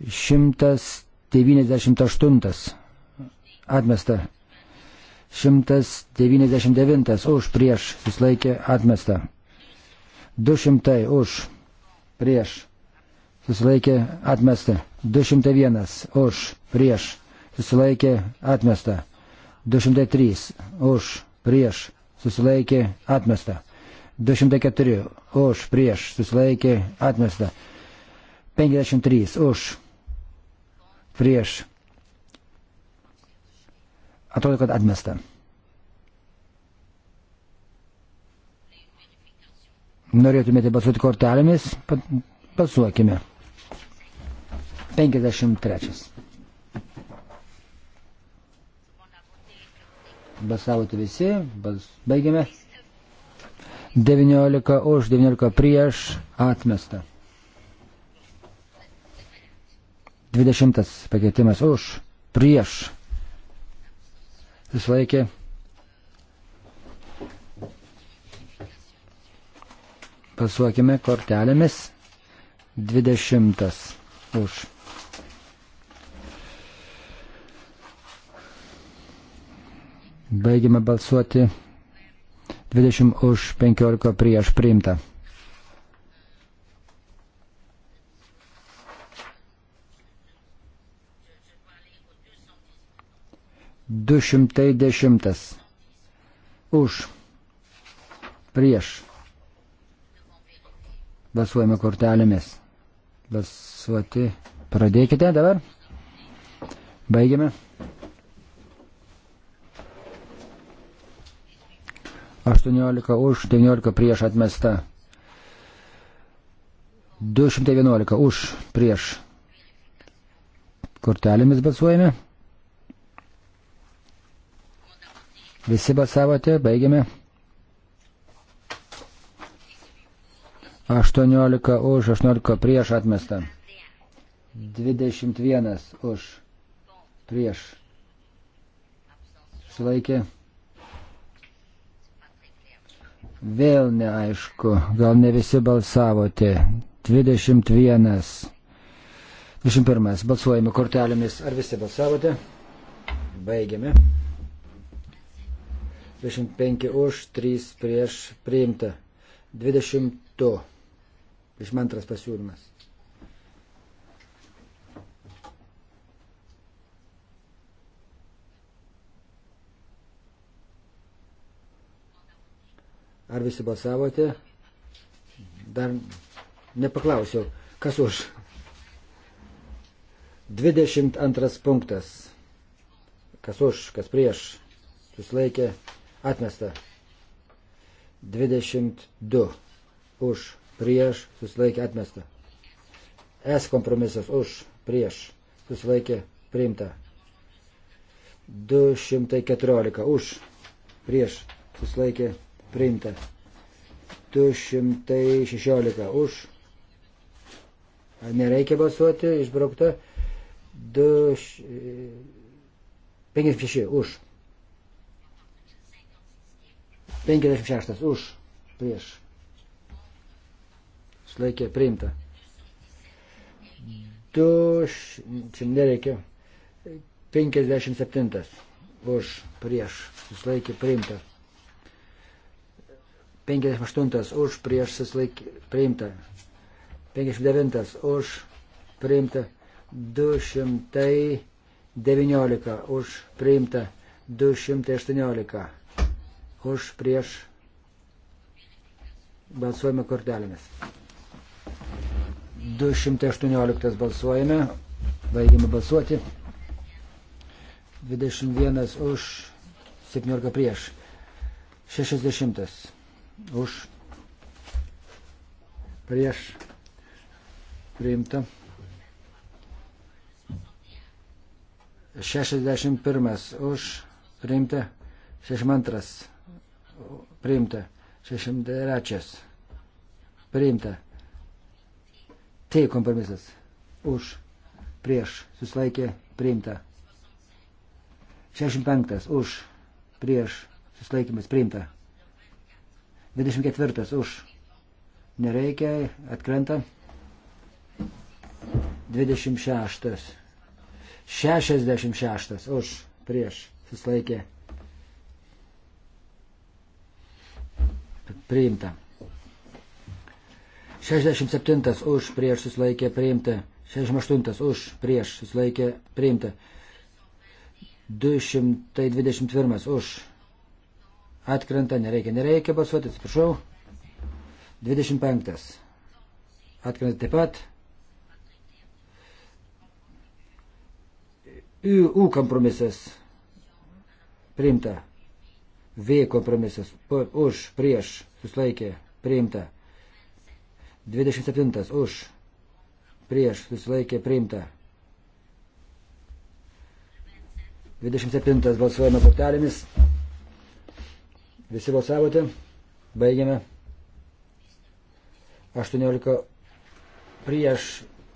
198 atmestą. 199 už prieš susilaikė atmestą. 200 už prieš susilaikė atmestą. 201 už prieš susilaikė atmesta. 203 už prieš susilaikė atmesta. 204 už prieš susilaikė atmesta. 53 už prieš. Atrodo, kad atmesta. Norėtumėte balsuoti kortelėmis? Balsuokime. 53. Balsavote visi, bals... baigiame. 19 už, 19 prieš, atmesta. 20 pakeitimas už, prieš. Susilaikė. Pasuokime kortelėmis. 20 už. Baigiame balsuoti. 20 už 15 prieš priimta. Du šimtai dešimtas. Už. Prieš. Balsuojame kortelėmis. Balsuoti. Pradėkite dabar. Baigiame. 18 už, 19 prieš atmesta. 211 už, prieš. Kortelėmis balsuojame. Visi balsavote, baigiame. 18 už, 18 prieš atmesta. 21 už, prieš. Sulaikė. Vėl neaišku, gal ne visi balsavote. 21. 21. Balsuojame kortelėmis. Ar visi balsavote? Baigiame. 25 už, 3 prieš priimta. 22. 22 pasiūlymas. Ar visi balsavote? Dar nepaklausiau, kas už. 22 punktas. Kas už, kas prieš. Susilaikė. Atmesta. 22. Už, prieš. Susilaikė. Atmesta. S kompromisas. Už, prieš. Susilaikė. Priimta. 214. Už, prieš. Susilaikė. Atmesta priimta. 216 už. Ar nereikia balsuoti, išbraukta. 56 už. 56 už. Prieš. Slaikė priimta. 2, čia nereikia. 57 už prieš susilaikė priimta. 58 už prieš susilaikė priimta. 59 už priimta. 219 už priimta. 218 už prieš balsuojame kortelėmis. 218 balsuojame, baigėme balsuoti. 21 už, 17 prieš. 60 už prieš priimta. 61 už priimta. 62 priimta. 63 priimta. T kompromisas už prieš susilaikė priimta. 65 už prieš susilaikymas priimta. 24 už. Nereikia, atkrenta. 26. 66 už. Prieš. Suslaikė. Priimta. 67 už prieš susilaikė priimta. 68 už prieš susilaikė priimta. 221 už Atkrenta, nereikia, nereikia balsuoti, atsiprašau. 25. Atkrenta taip pat. U kompromisas priimta. V kompromisas už, prieš, susilaikė, priimta. 27. Už, prieš, susilaikė, priimta. 27. Balsuojame kortelėmis. Visi balsavote? Baigiame. 18 prieš,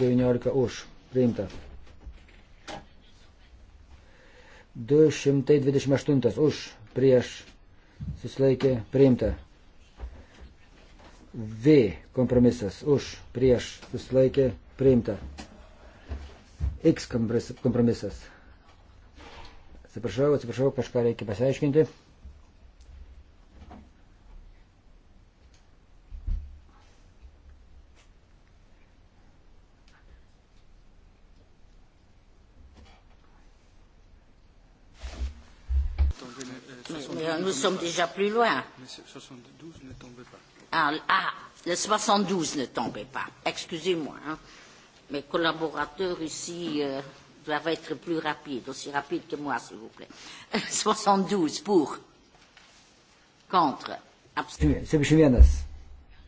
19 už. Priimta. 228 už, prieš, susilaikė, priimta. V kompromisas už, prieš, susilaikė, priimta. X kompromisas. Atsiprašau, atsiprašau, kažką reikia pasiaiškinti. sommes déjà plus loin. Mais 72 ne tombait pas. Ah, ah, le 72 ne tombait pas. Excusez-moi. Hein. Mes collaborateurs ici euh, doivent être plus rapides, aussi rapides que moi, s'il vous plaît. 72 pour. Contre. Abstention. 71.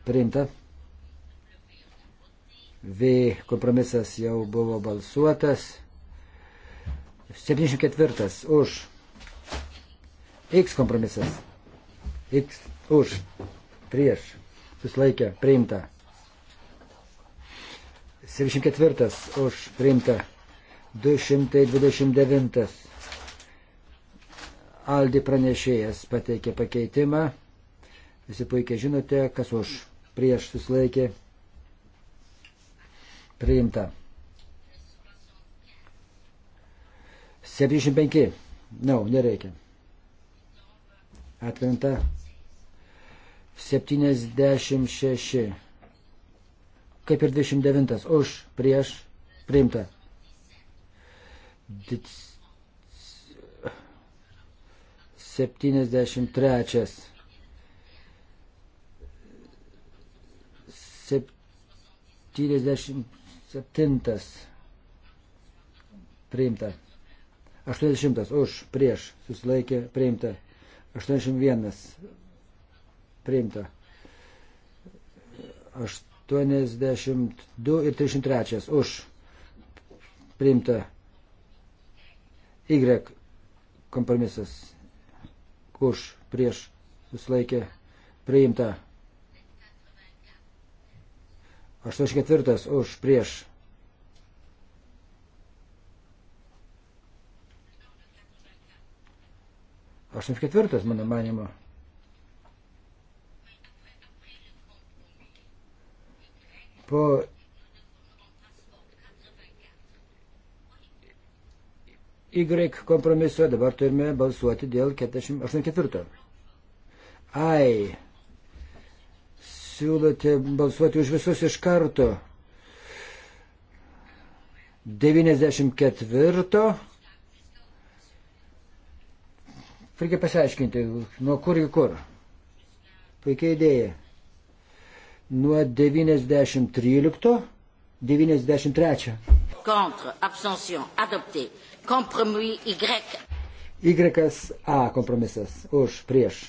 Priimta. V kompromisas jau buvo balsuotas. 74 už X kompromisas. X už, prieš, susilaikė, priimta. 74 už, priimta. 229. Aldi pranešėjas pateikė pakeitimą. Visi puikiai žinote, kas už, prieš, susilaikė, priimta. 75. Ne, no, nereikia atkrenta 76. Kaip ir 29. Už, prieš, priimta. Did... 73. 77. Priimta. 80. Už, prieš, susilaikė, priimta. 81 priimta. 82 ir 33 už priimta. Y kompromisas už prieš susilaikė priimta. 84 už prieš 84, mano manimo. Po Y kompromiso dabar turime balsuoti dėl 84. Ai, siūlote balsuoti už visus iš karto. 94. Reikia pasiaiškinti, nuo kur į kur. Puikiai idėja. Nuo 9013, 93. Contre, abstention, adopté. Kompromis Y. Y A kompromisas. Už, prieš.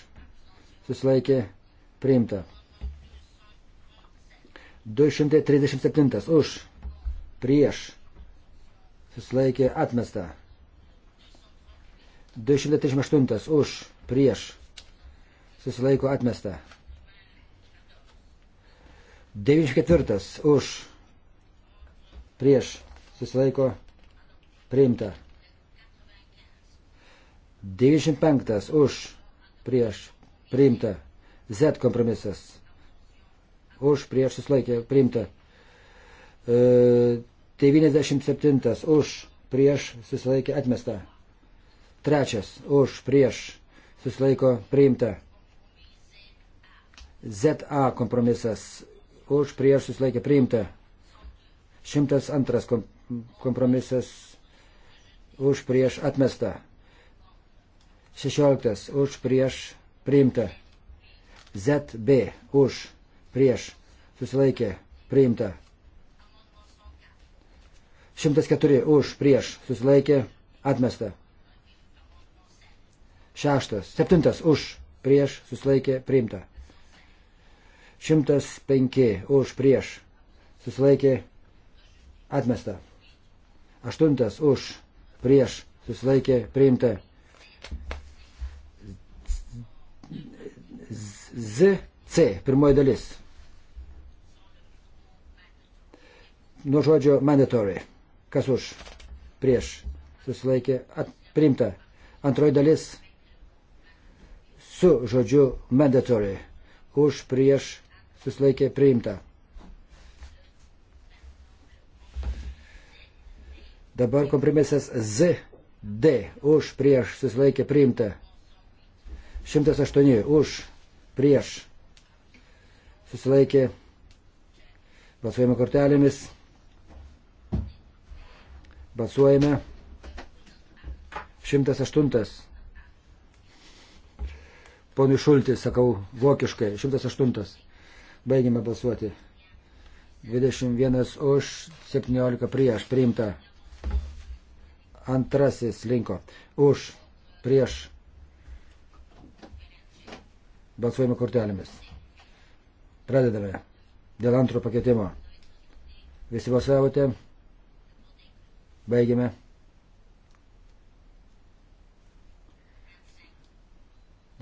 Susilaikė, priimta. 237. Už, prieš. Susilaikė, atmesta. 238 už, prieš, susilaiko atmesta. 94 už, prieš, susilaiko priimta. 95 už, prieš, priimta. Z kompromisas. Už, prieš, susilaikė, priimta. E, 97 už, prieš, susilaikė, atmesta. Trečias už prieš susilaiko priimta. ZA kompromisas už prieš susilaikė priimta. 102 kompromisas už prieš atmesta. 16 už prieš priimta. ZB už prieš susilaikė priimta. 104 už prieš susilaikė atmesta. Šeštas. Septintas už prieš susilaikė priimta. Šimtas penki už prieš susilaikė atmesta. Aštuntas už prieš susilaikė priimta. ZC pirmoji dalis. Nuo žodžio mandatory. Kas už prieš susilaikė at, priimta. Antroji dalis su žodžiu mandatory. Už prieš susilaikė priimta. Dabar kompromisas Z, D, už prieš susilaikė priimta. 108 už prieš susilaikė balsuojame kortelėmis. Balsuojame. 108 ponui Šultį, sakau vokiškai, 108. Baigėme balsuoti. 21 už, 17 prieš, priimta. Antrasis linko. Už, prieš. Balsuojame kortelėmis. Pradedame. Dėl antro pakeitimo. Visi balsavote. Baigėme.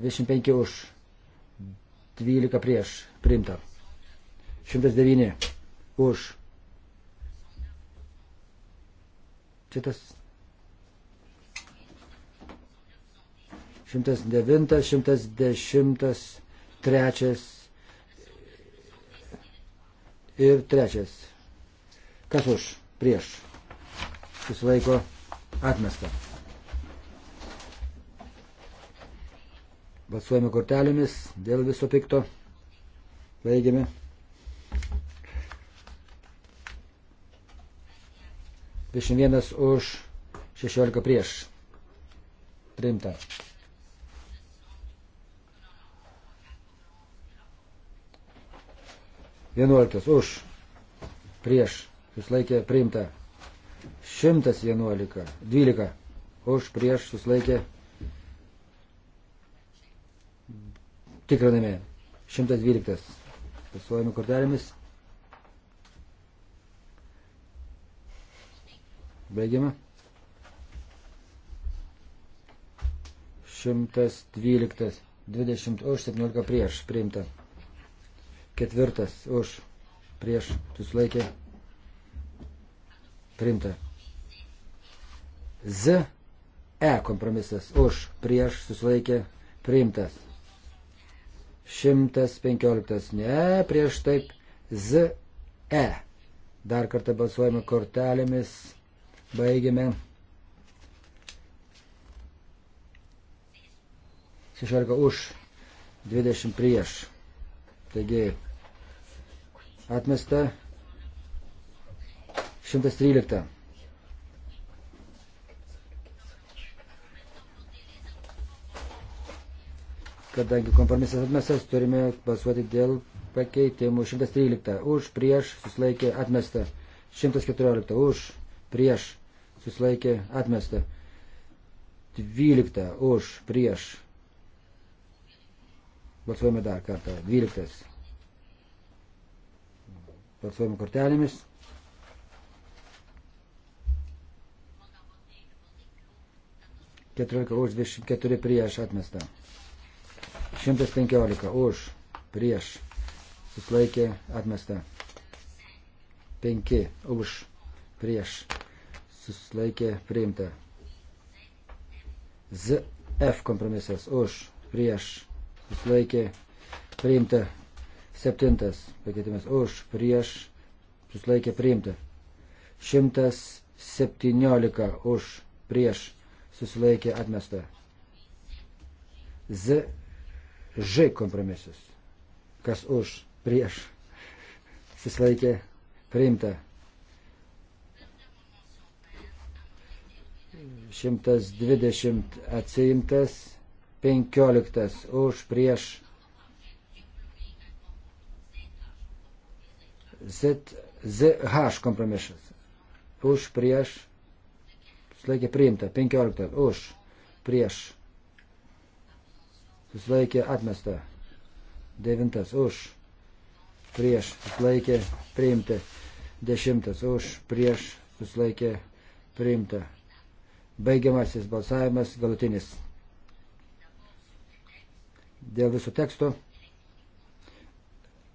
25 už, 12 prieš, primta. 109 už. Šitas 109, 110, trečias ir trečias. Kas už? Prieš. Susilaiko atmestą. Balsuojame kortelėmis dėl viso pikto. Baigiame. Viešim vienas už 16 prieš. Rimta. Vienuoliktas už. Prieš. Suslaikė priimta. Šimtas vienuolika. Dvylika. Už prieš suslaikė priimta. Tikriname 112. Pasuojame kortelėmis. Baigiame. 112. 20 už 17 prieš priimta. Ketvirtas už prieš susilaikė priimta. Z E kompromisas už prieš susilaikė priimtas. 115 ne, prieš taip ZE. Dar kartą balsuojame kortelėmis, baigiame. 16 už, 20 prieš. Taigi, atmesta 113. Kadangi kompromisas atmestas, turime balsuoti dėl pakeitimų. 113 už, prieš, susilaikė, atmesta. 114 už, prieš, susilaikė, atmesta. 12 už, prieš. Balsuojame dar kartą. 12. Balsuojame kortelėmis. Keturiolika už, dvidešimt keturi prieš atmestą. 115 už, prieš, susilaikė atmesta. 5 už, prieš, susilaikė priimta. ZF kompromisas už, prieš, susilaikė priimta. 7 pakeitimas už, prieš, susilaikė priimta. 117 už, prieš, susilaikė atmesta. ZF Ž kompromisus. Kas už, prieš, susilaikė, priimta. 120 atsiimtas, 15 už, prieš. Z, ZH kompromisas. Už, prieš, susilaikė, priimta. 15 už, prieš susilaikė atmesta. Devintas už, prieš susilaikė priimta. Dešimtas už, prieš susilaikė priimta. Baigiamasis balsavimas galutinis. Dėl viso teksto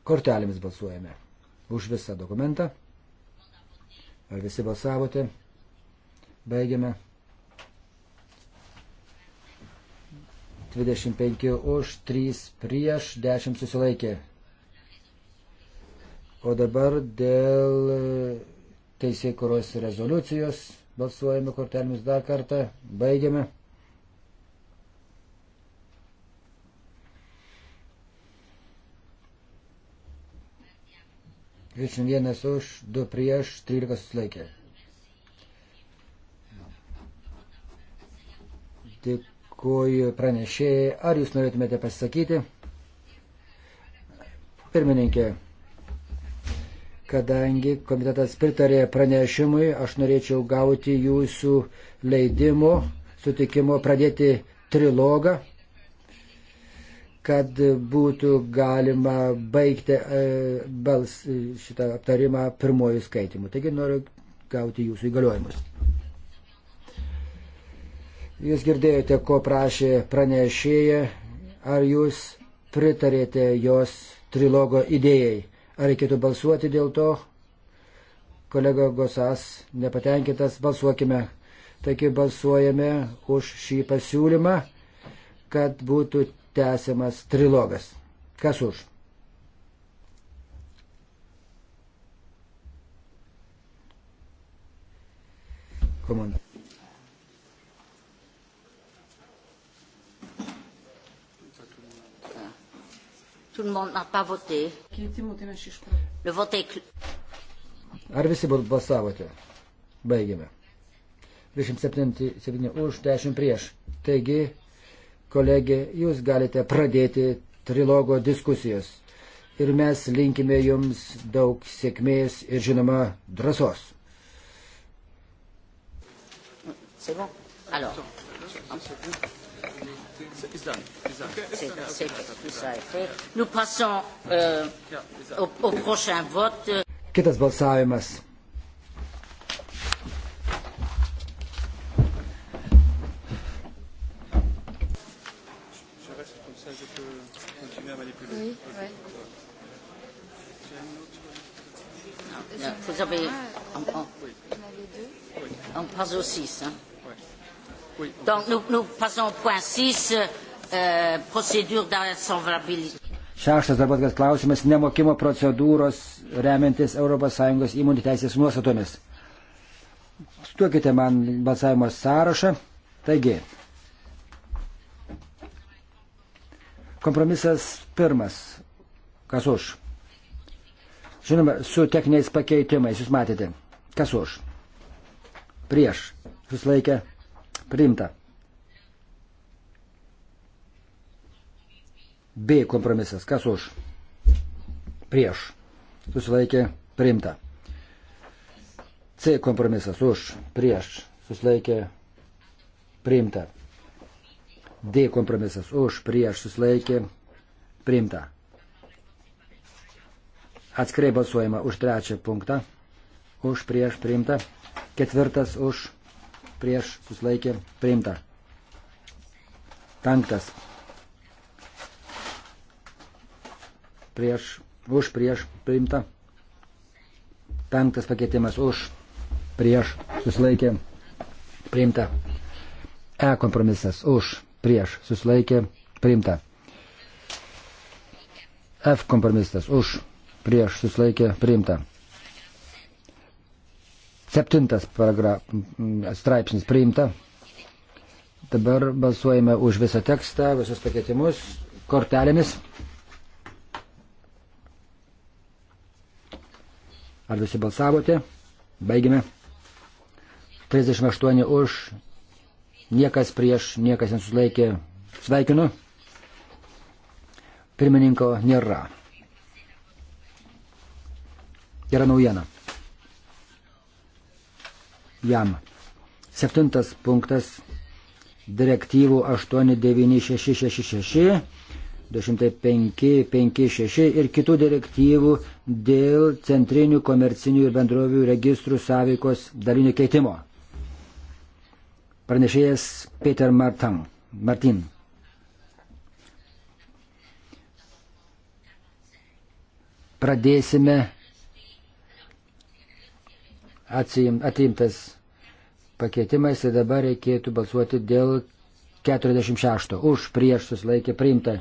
kortelėmis balsuojame. Už visą dokumentą. Ar visi balsavote? Baigiame. 25 už, 3 prieš, 10 susilaikė. O dabar dėl teisėkuros rezoliucijos balsuojame kortelėmis dar kartą, baigiame. Dvidešimt vienas už, du prieš, trylika susilaikė. Dėkui dėkuoju pranešėjai. Ar jūs norėtumėte pasisakyti? Pirmininkė, kadangi komitetas pritarė pranešimui, aš norėčiau gauti jūsų leidimo, sutikimo pradėti trilogą, kad būtų galima baigti e, bals, šitą aptarimą pirmojų skaitimų. Taigi noriu gauti jūsų įgaliojimus. Jūs girdėjote, ko prašė pranešėja, ar jūs pritarėte jos trilogo idėjai. Ar reikėtų balsuoti dėl to? Kolega Gosas nepatenkintas, balsuokime. Taigi balsuojame už šį pasiūlymą, kad būtų tęsiamas trilogas. Kas už? Komanda. Tout le monde n'a pas voté. Tai le vote est clos. Ar visi balsavote? Baigėme. 27 už, 10 prieš. Taigi, kolegė, jūs galite pradėti trilogo diskusijos. Ir mes linkime jums daug sėkmės ir žinoma drąsos. C'est bon Alors. Kitas balsavimas. Vous avez. Ah, on, on, on passe au 6. Hein. Ouais. Oui. Donc nous, nous passons au point 6, euh, euh, procédure d'insolvabilité. Šeštas darbotkas klausimas - nemokimo procedūros remiantis ES įmonių teisės nuostatomis. Stuokite man balsavimo sąrašą. Taigi, kompromisas pirmas. Kas už? Žinoma, su techniniais pakeitimais jūs matėte. Kas už? Prieš. Susilaikė Priimta. B kompromisas. Kas už? Prieš. Susilaikė. Priimta. C kompromisas. Už. Prieš. Susilaikė. Priimta. D kompromisas. Už. Prieš. Susilaikė. Priimta. Atskrai balsuojama už trečią punktą. Už. Prieš. Priimta. Ketvirtas. Už prieš susilaikė priimta. Penktas. Prieš, už prieš priimta. Penktas pakeitimas už prieš susilaikė priimta. E kompromisas už prieš susilaikė priimta. F kompromisas už prieš susilaikė priimta. Septintas paragraf, straipsnis priimta. Dabar balsuojame už visą tekstą, visus pakeitimus kortelėmis. Ar visi balsavote? Baigime. 38 už, niekas prieš, niekas nesulaikė. Sveikinu. Pirmininko nėra. Gera naujiena jam. Septintas punktas direktyvų 89666, 20556 ir kitų direktyvų dėl centrinių komercinių ir bendrovių registrų sąveikos dalinio keitimo. Pranešėjas Peter Martin. Martin. Pradėsime atimtas pakeitimas ir dabar reikėtų balsuoti dėl 46. Už prieš susilaikė priimta.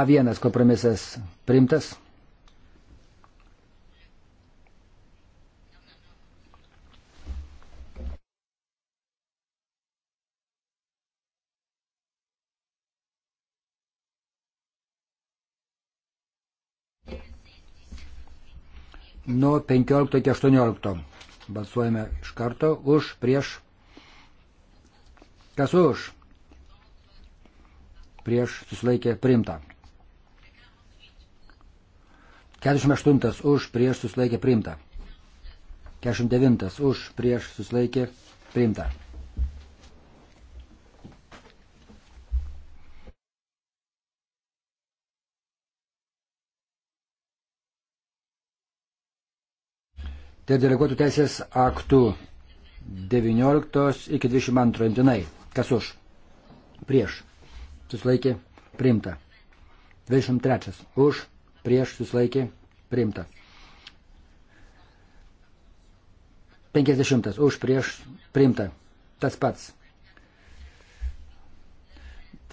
A1 kompromisas priimtas. nuo 15 iki 18. Balsuojame iš karto už, prieš. Kas už? Prieš susilaikė primta. 48 už, prieš susilaikė primta. 49 už, prieš susilaikė primta. dėl deleguotų teisės aktų 19 iki 22 dienai. Kas už? Prieš. Susilaikė. Primta. 23. Už. Prieš. Susilaikė. Primta. 50. Už. Prieš. Primta. Tas pats.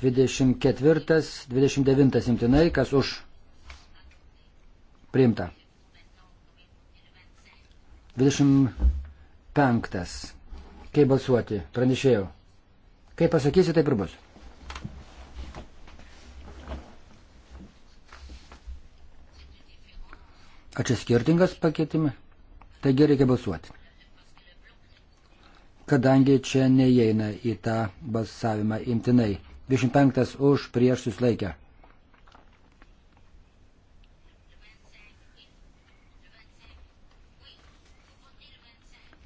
24, 29 imtinai, kas už primta. 25. Kaip balsuoti? Pranešėjau. Kaip pasakysi, taip ir bus. A čia skirtingas pakeitimai? Taigi reikia balsuoti. Kadangi čia neįeina į tą balsavimą imtinai. 25 už prieš susilaikę.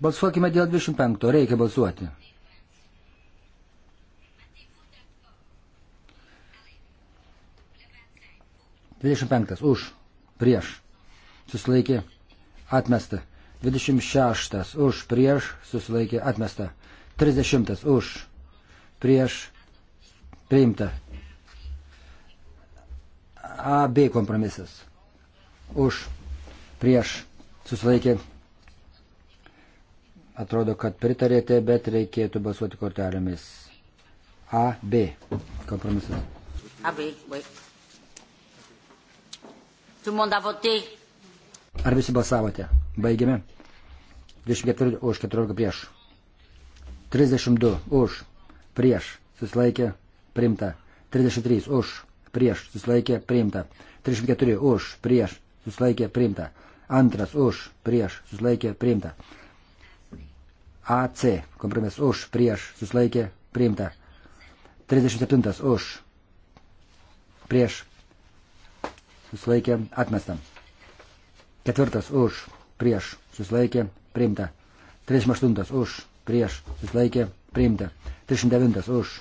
Balsuokime dėl 25. Reikia balsuoti. Dvidešimt penktas už, prieš, susilaikė, atmesta. Dvidešimt šeštas už, prieš, susilaikė, atmesta. Trisdešimtas už, prieš, priimta. AB kompromisas. Už, prieš, susilaikė, atmesta Atrodo, kad pritarėte, bet reikėtų balsuoti kortelėmis. A, B. Kompromisas. A, B, oui. Tout le monde a voté. Ar visi balsavote? Baigėme. 24 už, 14 prieš. 32 už, prieš, susilaikė, priimta. 33 už, prieš, susilaikė, priimta. 34 už, prieš, susilaikė, priimta. Antras už, prieš, susilaikė, priimta. AC kompromis už, prieš, susilaikė, priimta. 37 už, prieš, susilaikė, atmesta. Ketvirtas už, prieš, susilaikė, priimta. 38 už, prieš, susilaikė, priimta. 39 už,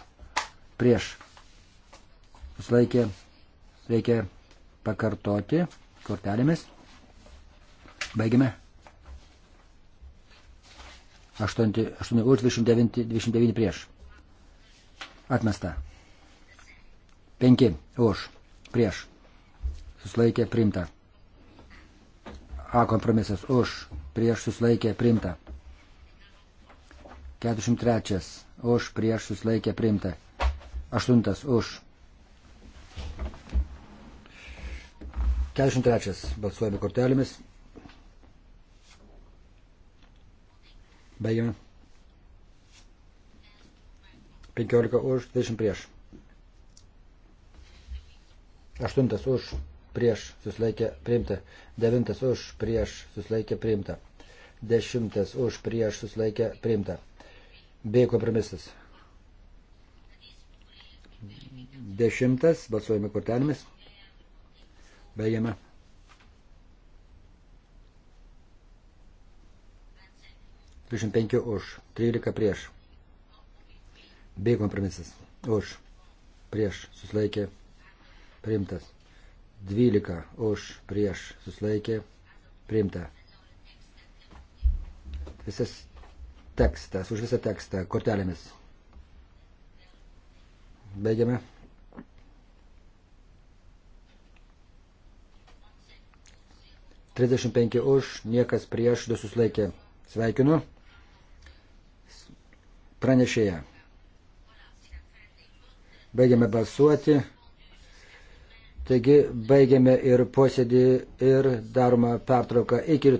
prieš, susilaikė, reikia pakartoti kortelėmis. Baigime. 8, 8 už 29, 29 prieš. Atmesta. 5 už prieš. Suslaikė primta. A kompromisas už prieš suslaikė primta. 43 už prieš suslaikė primta. 8 už. 43 balsuojame kortelėmis. Baigiame. 15 už, 20 prieš. 8 už, prieš, susilaikė priimta. 9 už, prieš, susilaikė priimta. 10 už, prieš, susilaikė priimta. B kompromisas. 10 balsuojame kortelėmis. Baigiame. 25 už, 13 prieš. B kompromisas. Už, prieš, susilaikė, priimtas. 12 už, prieš, susilaikė, priimta. Visas tekstas, už visą tekstą, kortelėmis. Baigiame. Trisdešimt penki už, niekas prieš, du susilaikė. Sveikinu pranešėją. Baigiame balsuoti. Taigi baigiame ir posėdį ir daroma pertrauka iki